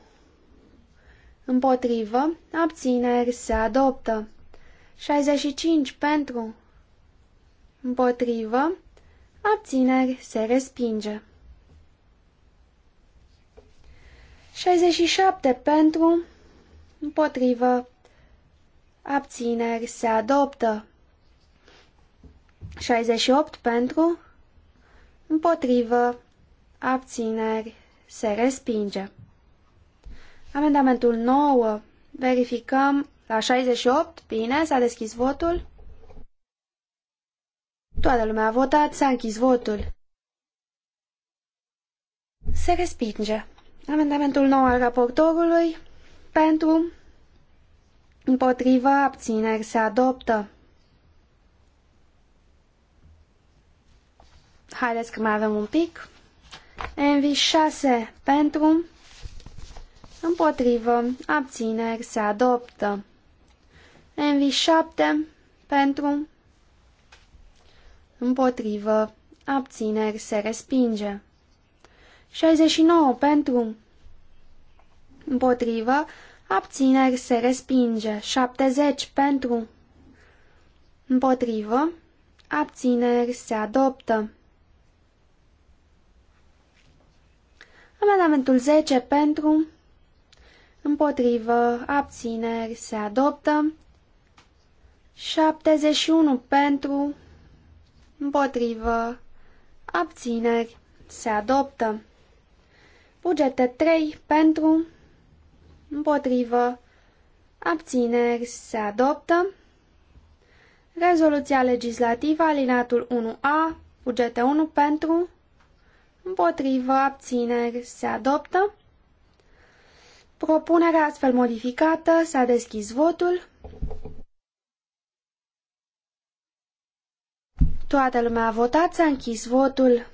împotrivă, abțineri se adoptă. 65 pentru, împotrivă, abțineri se respinge. 67 pentru, împotrivă, Abțineri se adoptă. 68 pentru. Împotrivă. Abțineri se respinge. Amendamentul 9. Verificăm la 68. Bine, s-a deschis votul. Toată lumea a votat, s-a închis votul. Se respinge. Amendamentul 9 al raportorului pentru, Împotrivă abțineri se adoptă. Haideți că mai avem un pic. NV6 pentru. Împotrivă abțineri se adoptă. NV7 pentru. Împotrivă abțineri se respinge. 69 pentru. Împotrivă Abțineri se respinge. 70 pentru. Împotrivă. Abțineri se adoptă. Amendamentul 10 pentru. Împotrivă. Abțineri se adoptă. 71 pentru. Împotrivă. Abțineri se adoptă. Bugete 3 pentru împotrivă, abțineri, se adoptă. Rezoluția legislativă, alinatul 1A, bugete 1 pentru, împotrivă, abțineri, se adoptă. Propunerea astfel modificată, s-a deschis votul. Toată lumea a votat, s-a închis votul.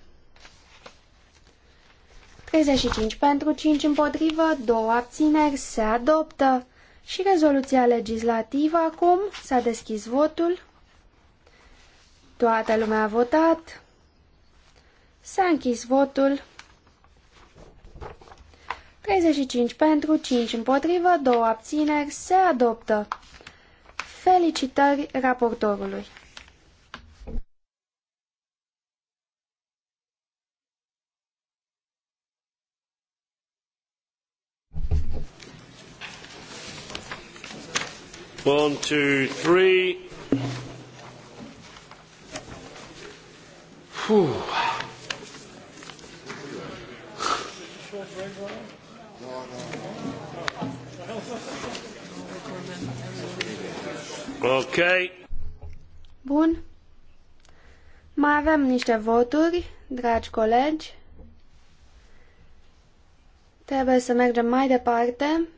35 pentru, 5 împotrivă, 2 abțineri, se adoptă. Și rezoluția legislativă acum, s-a deschis votul. Toată lumea a votat. S-a închis votul. 35 pentru, 5 împotrivă, 2 abțineri, se adoptă. Felicitări raportorului. One, two, three. Whew. Ok. Bun. Mai avem niște voturi, dragi colegi. Trebuie să mergem mai departe.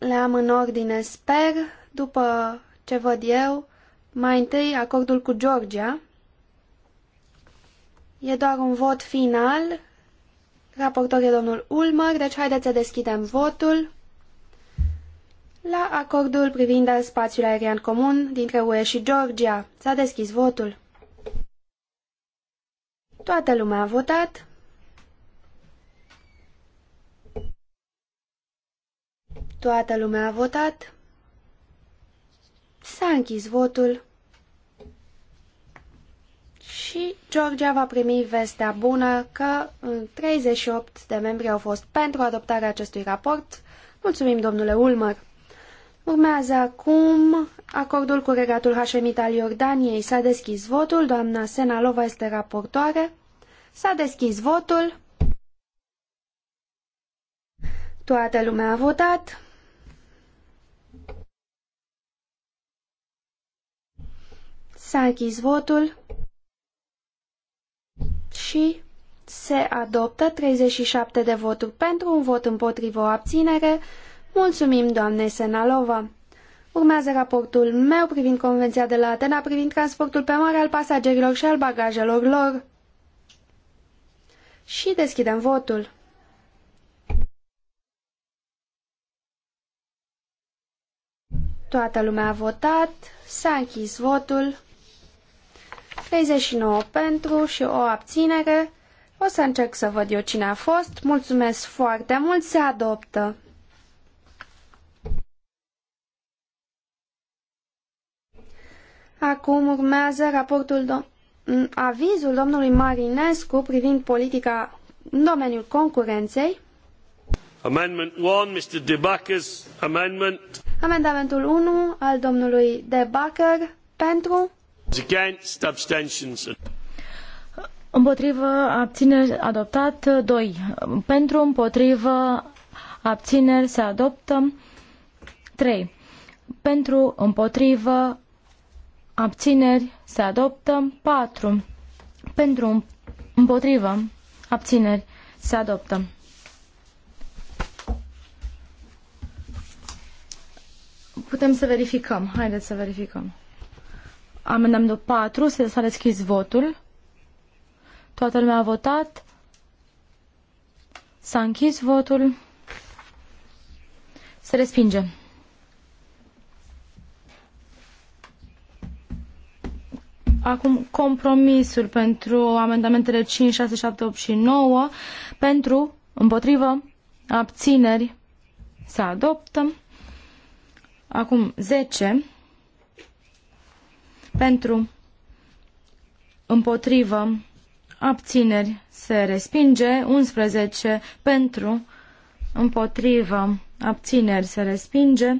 Le am în ordine, sper, după ce văd eu, mai întâi acordul cu Georgia. E doar un vot final. Raportor e domnul Ulmer, deci haideți să deschidem votul la acordul privind spațiul aerian comun dintre UE și Georgia. S-a deschis votul. Toată lumea a votat. Toată lumea a votat. S-a închis votul. Și Georgia va primi vestea bună că 38 de membri au fost pentru adoptarea acestui raport. Mulțumim, domnule Ulmer. Urmează acum acordul cu regatul Hașemit al Iordaniei. S-a deschis votul. Doamna Senalova este raportoare. S-a deschis votul. Toată lumea a votat. S-a închis votul și se adoptă 37 de voturi pentru, un vot împotrivă o abținere. Mulțumim, doamne Senalova. Urmează raportul meu privind Convenția de la Atena privind transportul pe mare al pasagerilor și al bagajelor lor. Și deschidem votul. Toată lumea a votat, s-a închis votul. 39 pentru și o abținere. O să încerc să văd eu cine a fost. Mulțumesc foarte mult, se adoptă. Acum urmează raportul do avizul domnului Marinescu privind politica în domeniul concurenței. Amendment 1, Mr. Debacker's amendment. Amendamentul 1 al domnului Debacker pentru Against abstentions. Împotrivă, abțineri, adoptat. 2. Pentru, împotrivă, abțineri, se adoptă. 3. Pentru, împotrivă, abțineri, se adoptă. 4. Pentru, împotrivă, abțineri, se adoptă. Putem să verificăm. Haideți să verificăm. Amendamentul 4, s-a deschis votul. Toată lumea a votat. S-a închis votul. Se respinge. Acum compromisul pentru amendamentele 5, 6, 7, 8 și 9 pentru, împotrivă, abțineri se adoptă. Acum 10 pentru, împotrivă, abțineri se respinge, 11 pentru, împotrivă, abțineri se respinge,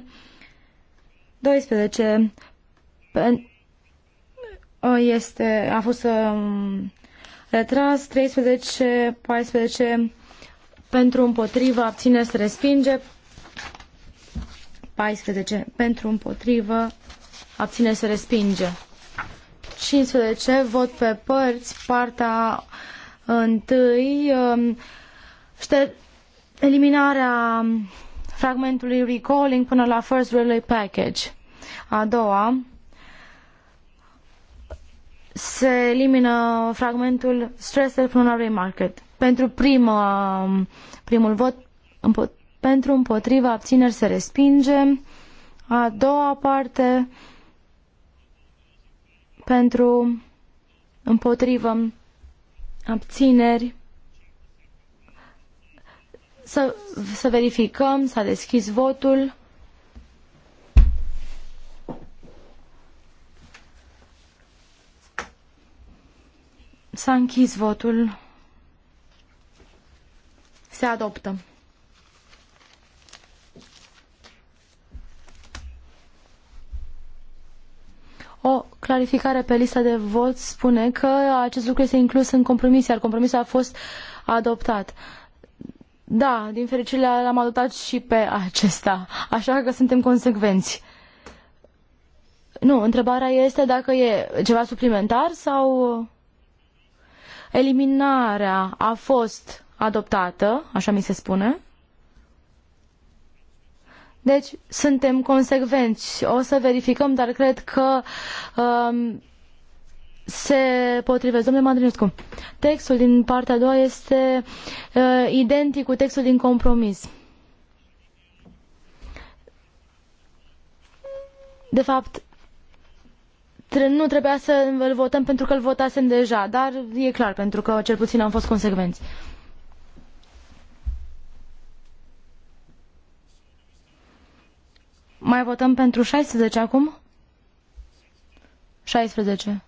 12 pe, ă, este, a fost ă, retras, 13, 14 pentru, împotrivă, abțineri se respinge, 14 pentru, împotrivă, abțineri se respinge. 15, vot pe părți, partea întâi, um, eliminarea fragmentului recalling până la first relay package. A doua, se elimină fragmentul stressed până la remarket. Pentru prima, um, primul vot, pentru împotriva abțineri se respinge. A doua parte, pentru, împotrivă, abțineri. Să, să verificăm, s-a deschis votul. S-a închis votul. Se adoptă. clarificare pe lista de vot spune că acest lucru este inclus în compromis, iar compromisul a fost adoptat. Da, din fericire l-am adoptat și pe acesta, așa că suntem consecvenți. Nu, întrebarea este dacă e ceva suplimentar sau eliminarea a fost adoptată, așa mi se spune. Deci suntem consecvenți. O să verificăm, dar cred că um, se potrivește, Domnule Madrinescu, textul din partea a doua este uh, identic cu textul din compromis. De fapt, tre nu trebuia să îl votăm pentru că îl votasem deja, dar e clar pentru că cel puțin am fost consecvenți. Uh, Mai votăm pentru 16 acum? 16.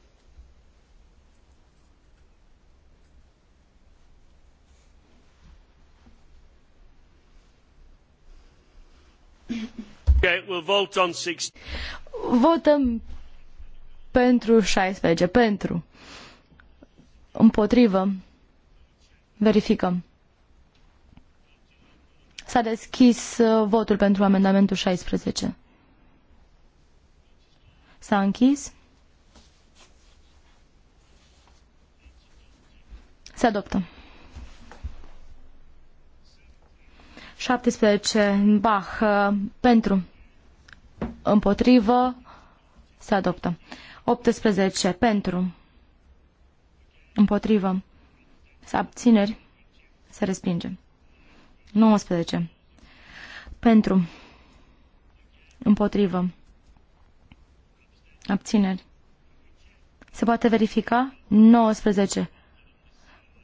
Okay, we'll vote on 16. Votăm pentru 16, pentru. Împotrivă. Verificăm. S-a deschis uh, votul pentru amendamentul 16. S-a închis. Se adoptă. 17. Bach. Uh, pentru. Împotrivă. Se adoptă. 18. Pentru. Împotrivă. Abțineri. Se respinge. 19. Pentru. Împotrivă. Abțineri. Se poate verifica? 19.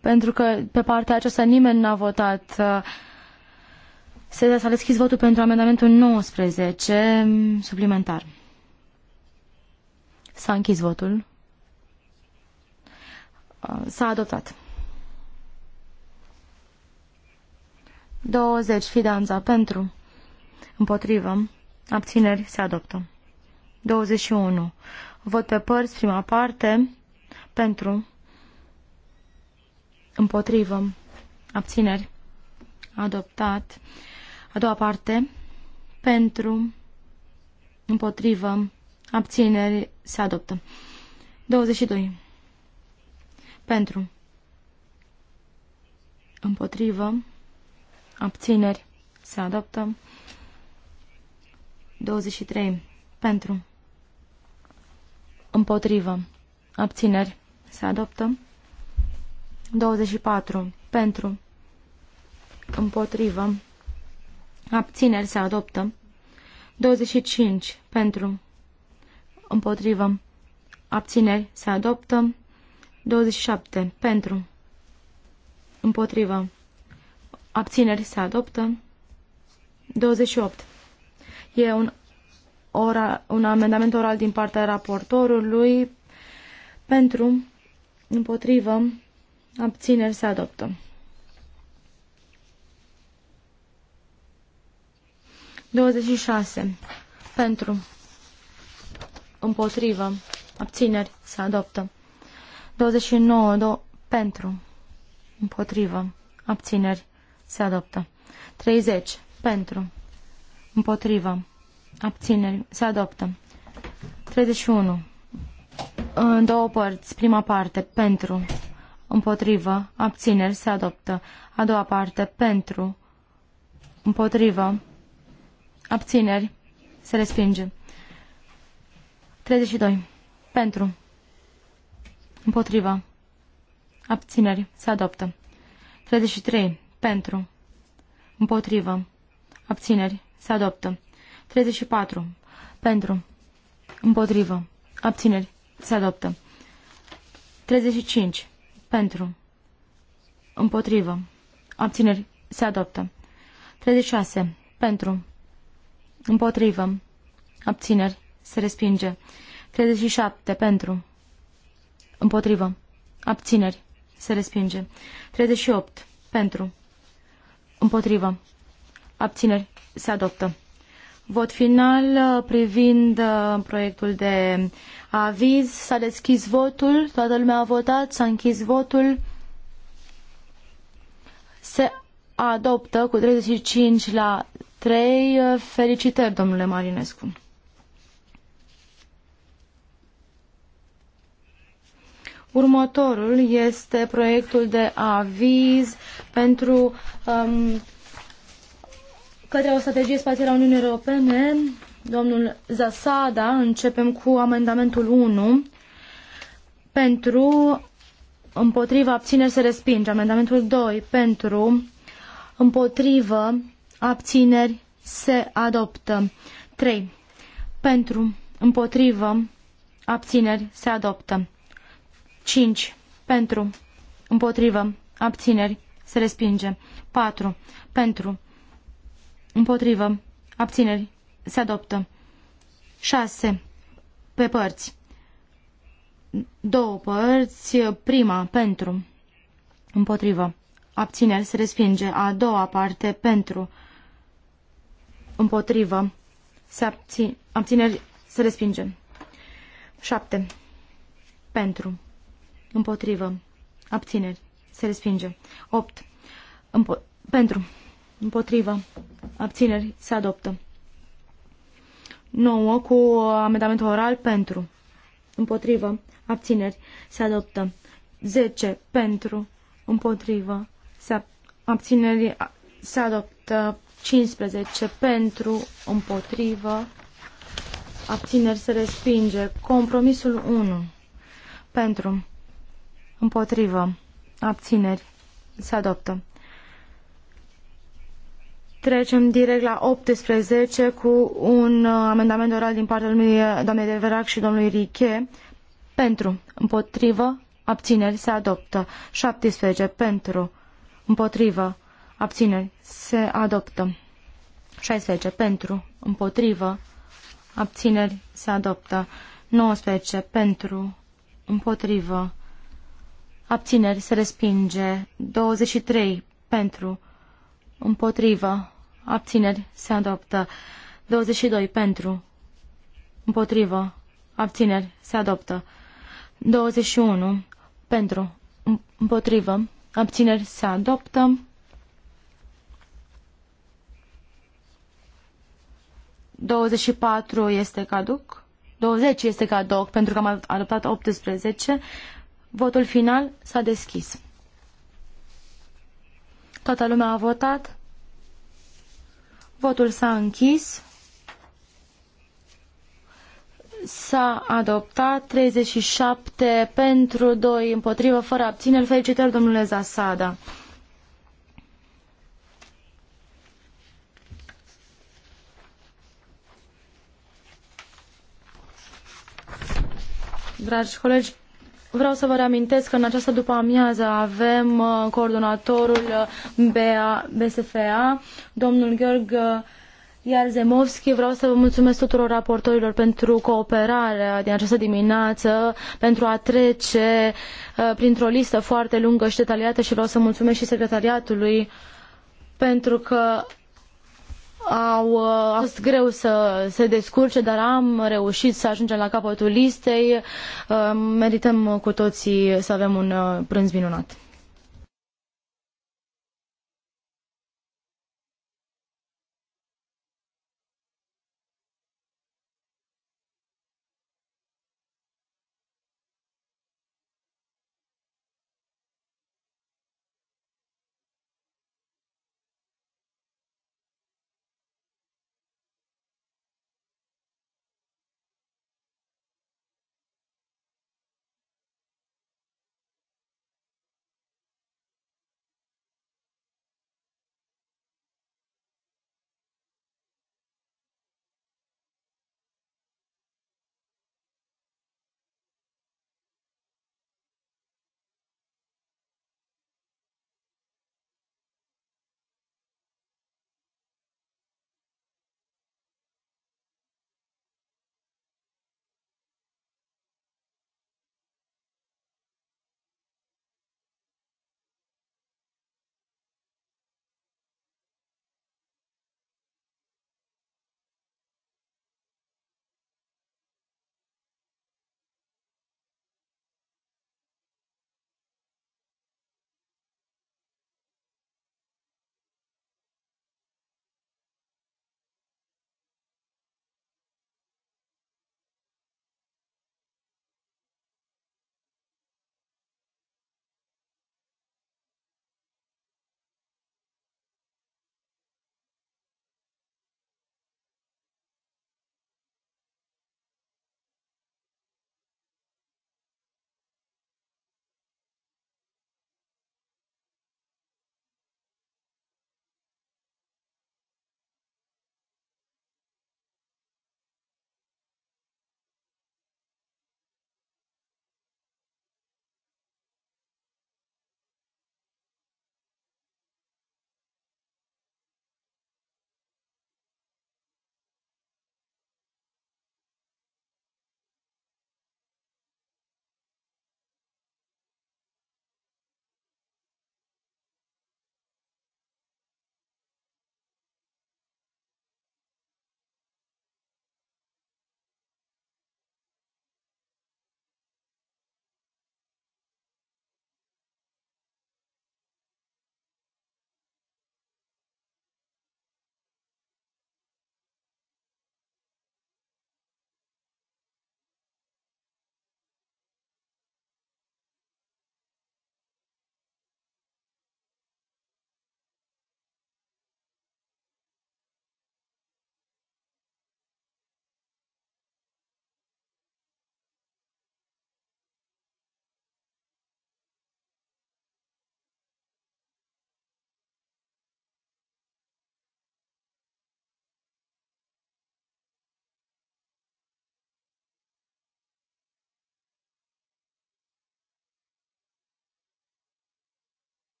Pentru că pe partea aceasta nimeni n-a votat. Uh, s-a deschis votul pentru amendamentul 19, suplimentar. S-a închis votul. Uh, s-a adoptat. 20. Fidanța. Pentru. Împotrivă. Abțineri. Se adoptă. 21. Vot pe părți. Prima parte. Pentru. Împotrivă. Abțineri. Adoptat. A doua parte. Pentru. Împotrivă. Abțineri. Se adoptă. 22. Pentru. Împotrivă abțineri, se adoptă. 23. Pentru. Împotrivă. Abțineri. Se adoptă. 24. Pentru. Împotrivă. Abțineri. Se adoptă. 25. Pentru. Împotrivă. Abțineri. Se adoptă. 27. Pentru. Împotrivă. Abțineri se adoptă. 28. E un, ora, un amendament oral din partea raportorului pentru, împotrivă, abțineri se adoptă. 26. Pentru, împotrivă, abțineri se adoptă. 29. Do pentru, împotrivă, abțineri se adoptă. 30. Pentru. Împotrivă. Abțineri. Se adoptă. 31. În două părți. Prima parte. Pentru. Împotrivă. Abțineri. Se adoptă. A doua parte. Pentru. Împotrivă. Abțineri. Se respinge. 32. Pentru. Împotrivă. Abțineri. Se adoptă. 33. Pentru. Împotrivă. Abțineri. Se adoptă. 34. Pentru. Împotrivă. Abțineri. Se adoptă. 35. Pentru. Împotrivă. Abțineri. Se adoptă. 36. Pentru. Împotrivă. Abțineri. Se respinge. 37. Pentru. Împotrivă. Abțineri. Se respinge. 38. Pentru. Împotrivă. Abțineri. Se adoptă. Vot final uh, privind uh, proiectul de aviz. S-a deschis votul, toată lumea a votat, s-a închis votul. Se adoptă cu 35 la 3. Uh, felicitări, domnule Marinescu. Următorul este proiectul de aviz pentru um, către o strategie spațială a Uniunii Europene. Domnul Zasada, începem cu amendamentul 1 pentru împotriva abțineri se respinge. Amendamentul 2 pentru împotrivă abțineri se adoptă. 3 pentru împotrivă abțineri se adoptă. 5. Pentru. Împotrivă. Abțineri. Se respinge. 4. Pentru. Împotrivă. Abțineri. Se adoptă. 6. Pe părți. Două părți. Prima. Pentru. Împotrivă. Abțineri. Se respinge. A doua parte. Pentru. Împotrivă. Se abține, abțineri. Se respinge. 7. Pentru. Împotrivă. Abțineri. Se respinge. 8. Împo pentru. Împotrivă. Abțineri. Se adoptă. 9. Cu amendamentul oral. Pentru. Împotrivă. Abțineri. Se adoptă. 10. Pentru. Împotrivă. Se abțineri. Se adoptă. 15. Pentru. Împotrivă. Abțineri. Se respinge. Compromisul 1. Pentru. Împotrivă. Abțineri. Se adoptă. Trecem direct la 18 cu un uh, amendament oral din partea domnului, uh, doamnei de Verac și domnului Riche. Pentru. Împotrivă. Abțineri. Se adoptă. 17. Pentru. Împotrivă. Abțineri. Se adoptă. 16. Pentru. Împotrivă. Abțineri. Se adoptă. 19. Pentru. Împotrivă abțineri se respinge, 23 pentru, împotrivă, abțineri se adoptă, 22 pentru, împotrivă, abțineri se adoptă, 21 pentru, împotrivă, abțineri se adoptă, 24 este caduc, 20 este caduc pentru că am adoptat 18, Votul final s-a deschis. Toată lumea a votat. Votul s-a închis. S-a adoptat 37 pentru 2 împotrivă, fără abțineri. Felicitări, domnule Zasada. Dragi colegi, Vreau să vă reamintesc că în această după amiază avem uh, coordonatorul uh, BA, BSFA, domnul Gheorg iar Zemovski, vreau să vă mulțumesc tuturor raportorilor pentru cooperarea din această dimineață, pentru a trece uh, printr-o listă foarte lungă și detaliată și vreau să mulțumesc și secretariatului pentru că au, uh, fost greu să se descurce, dar am reușit să ajungem la capătul listei. Uh, merităm cu toții să avem un uh, prânz minunat.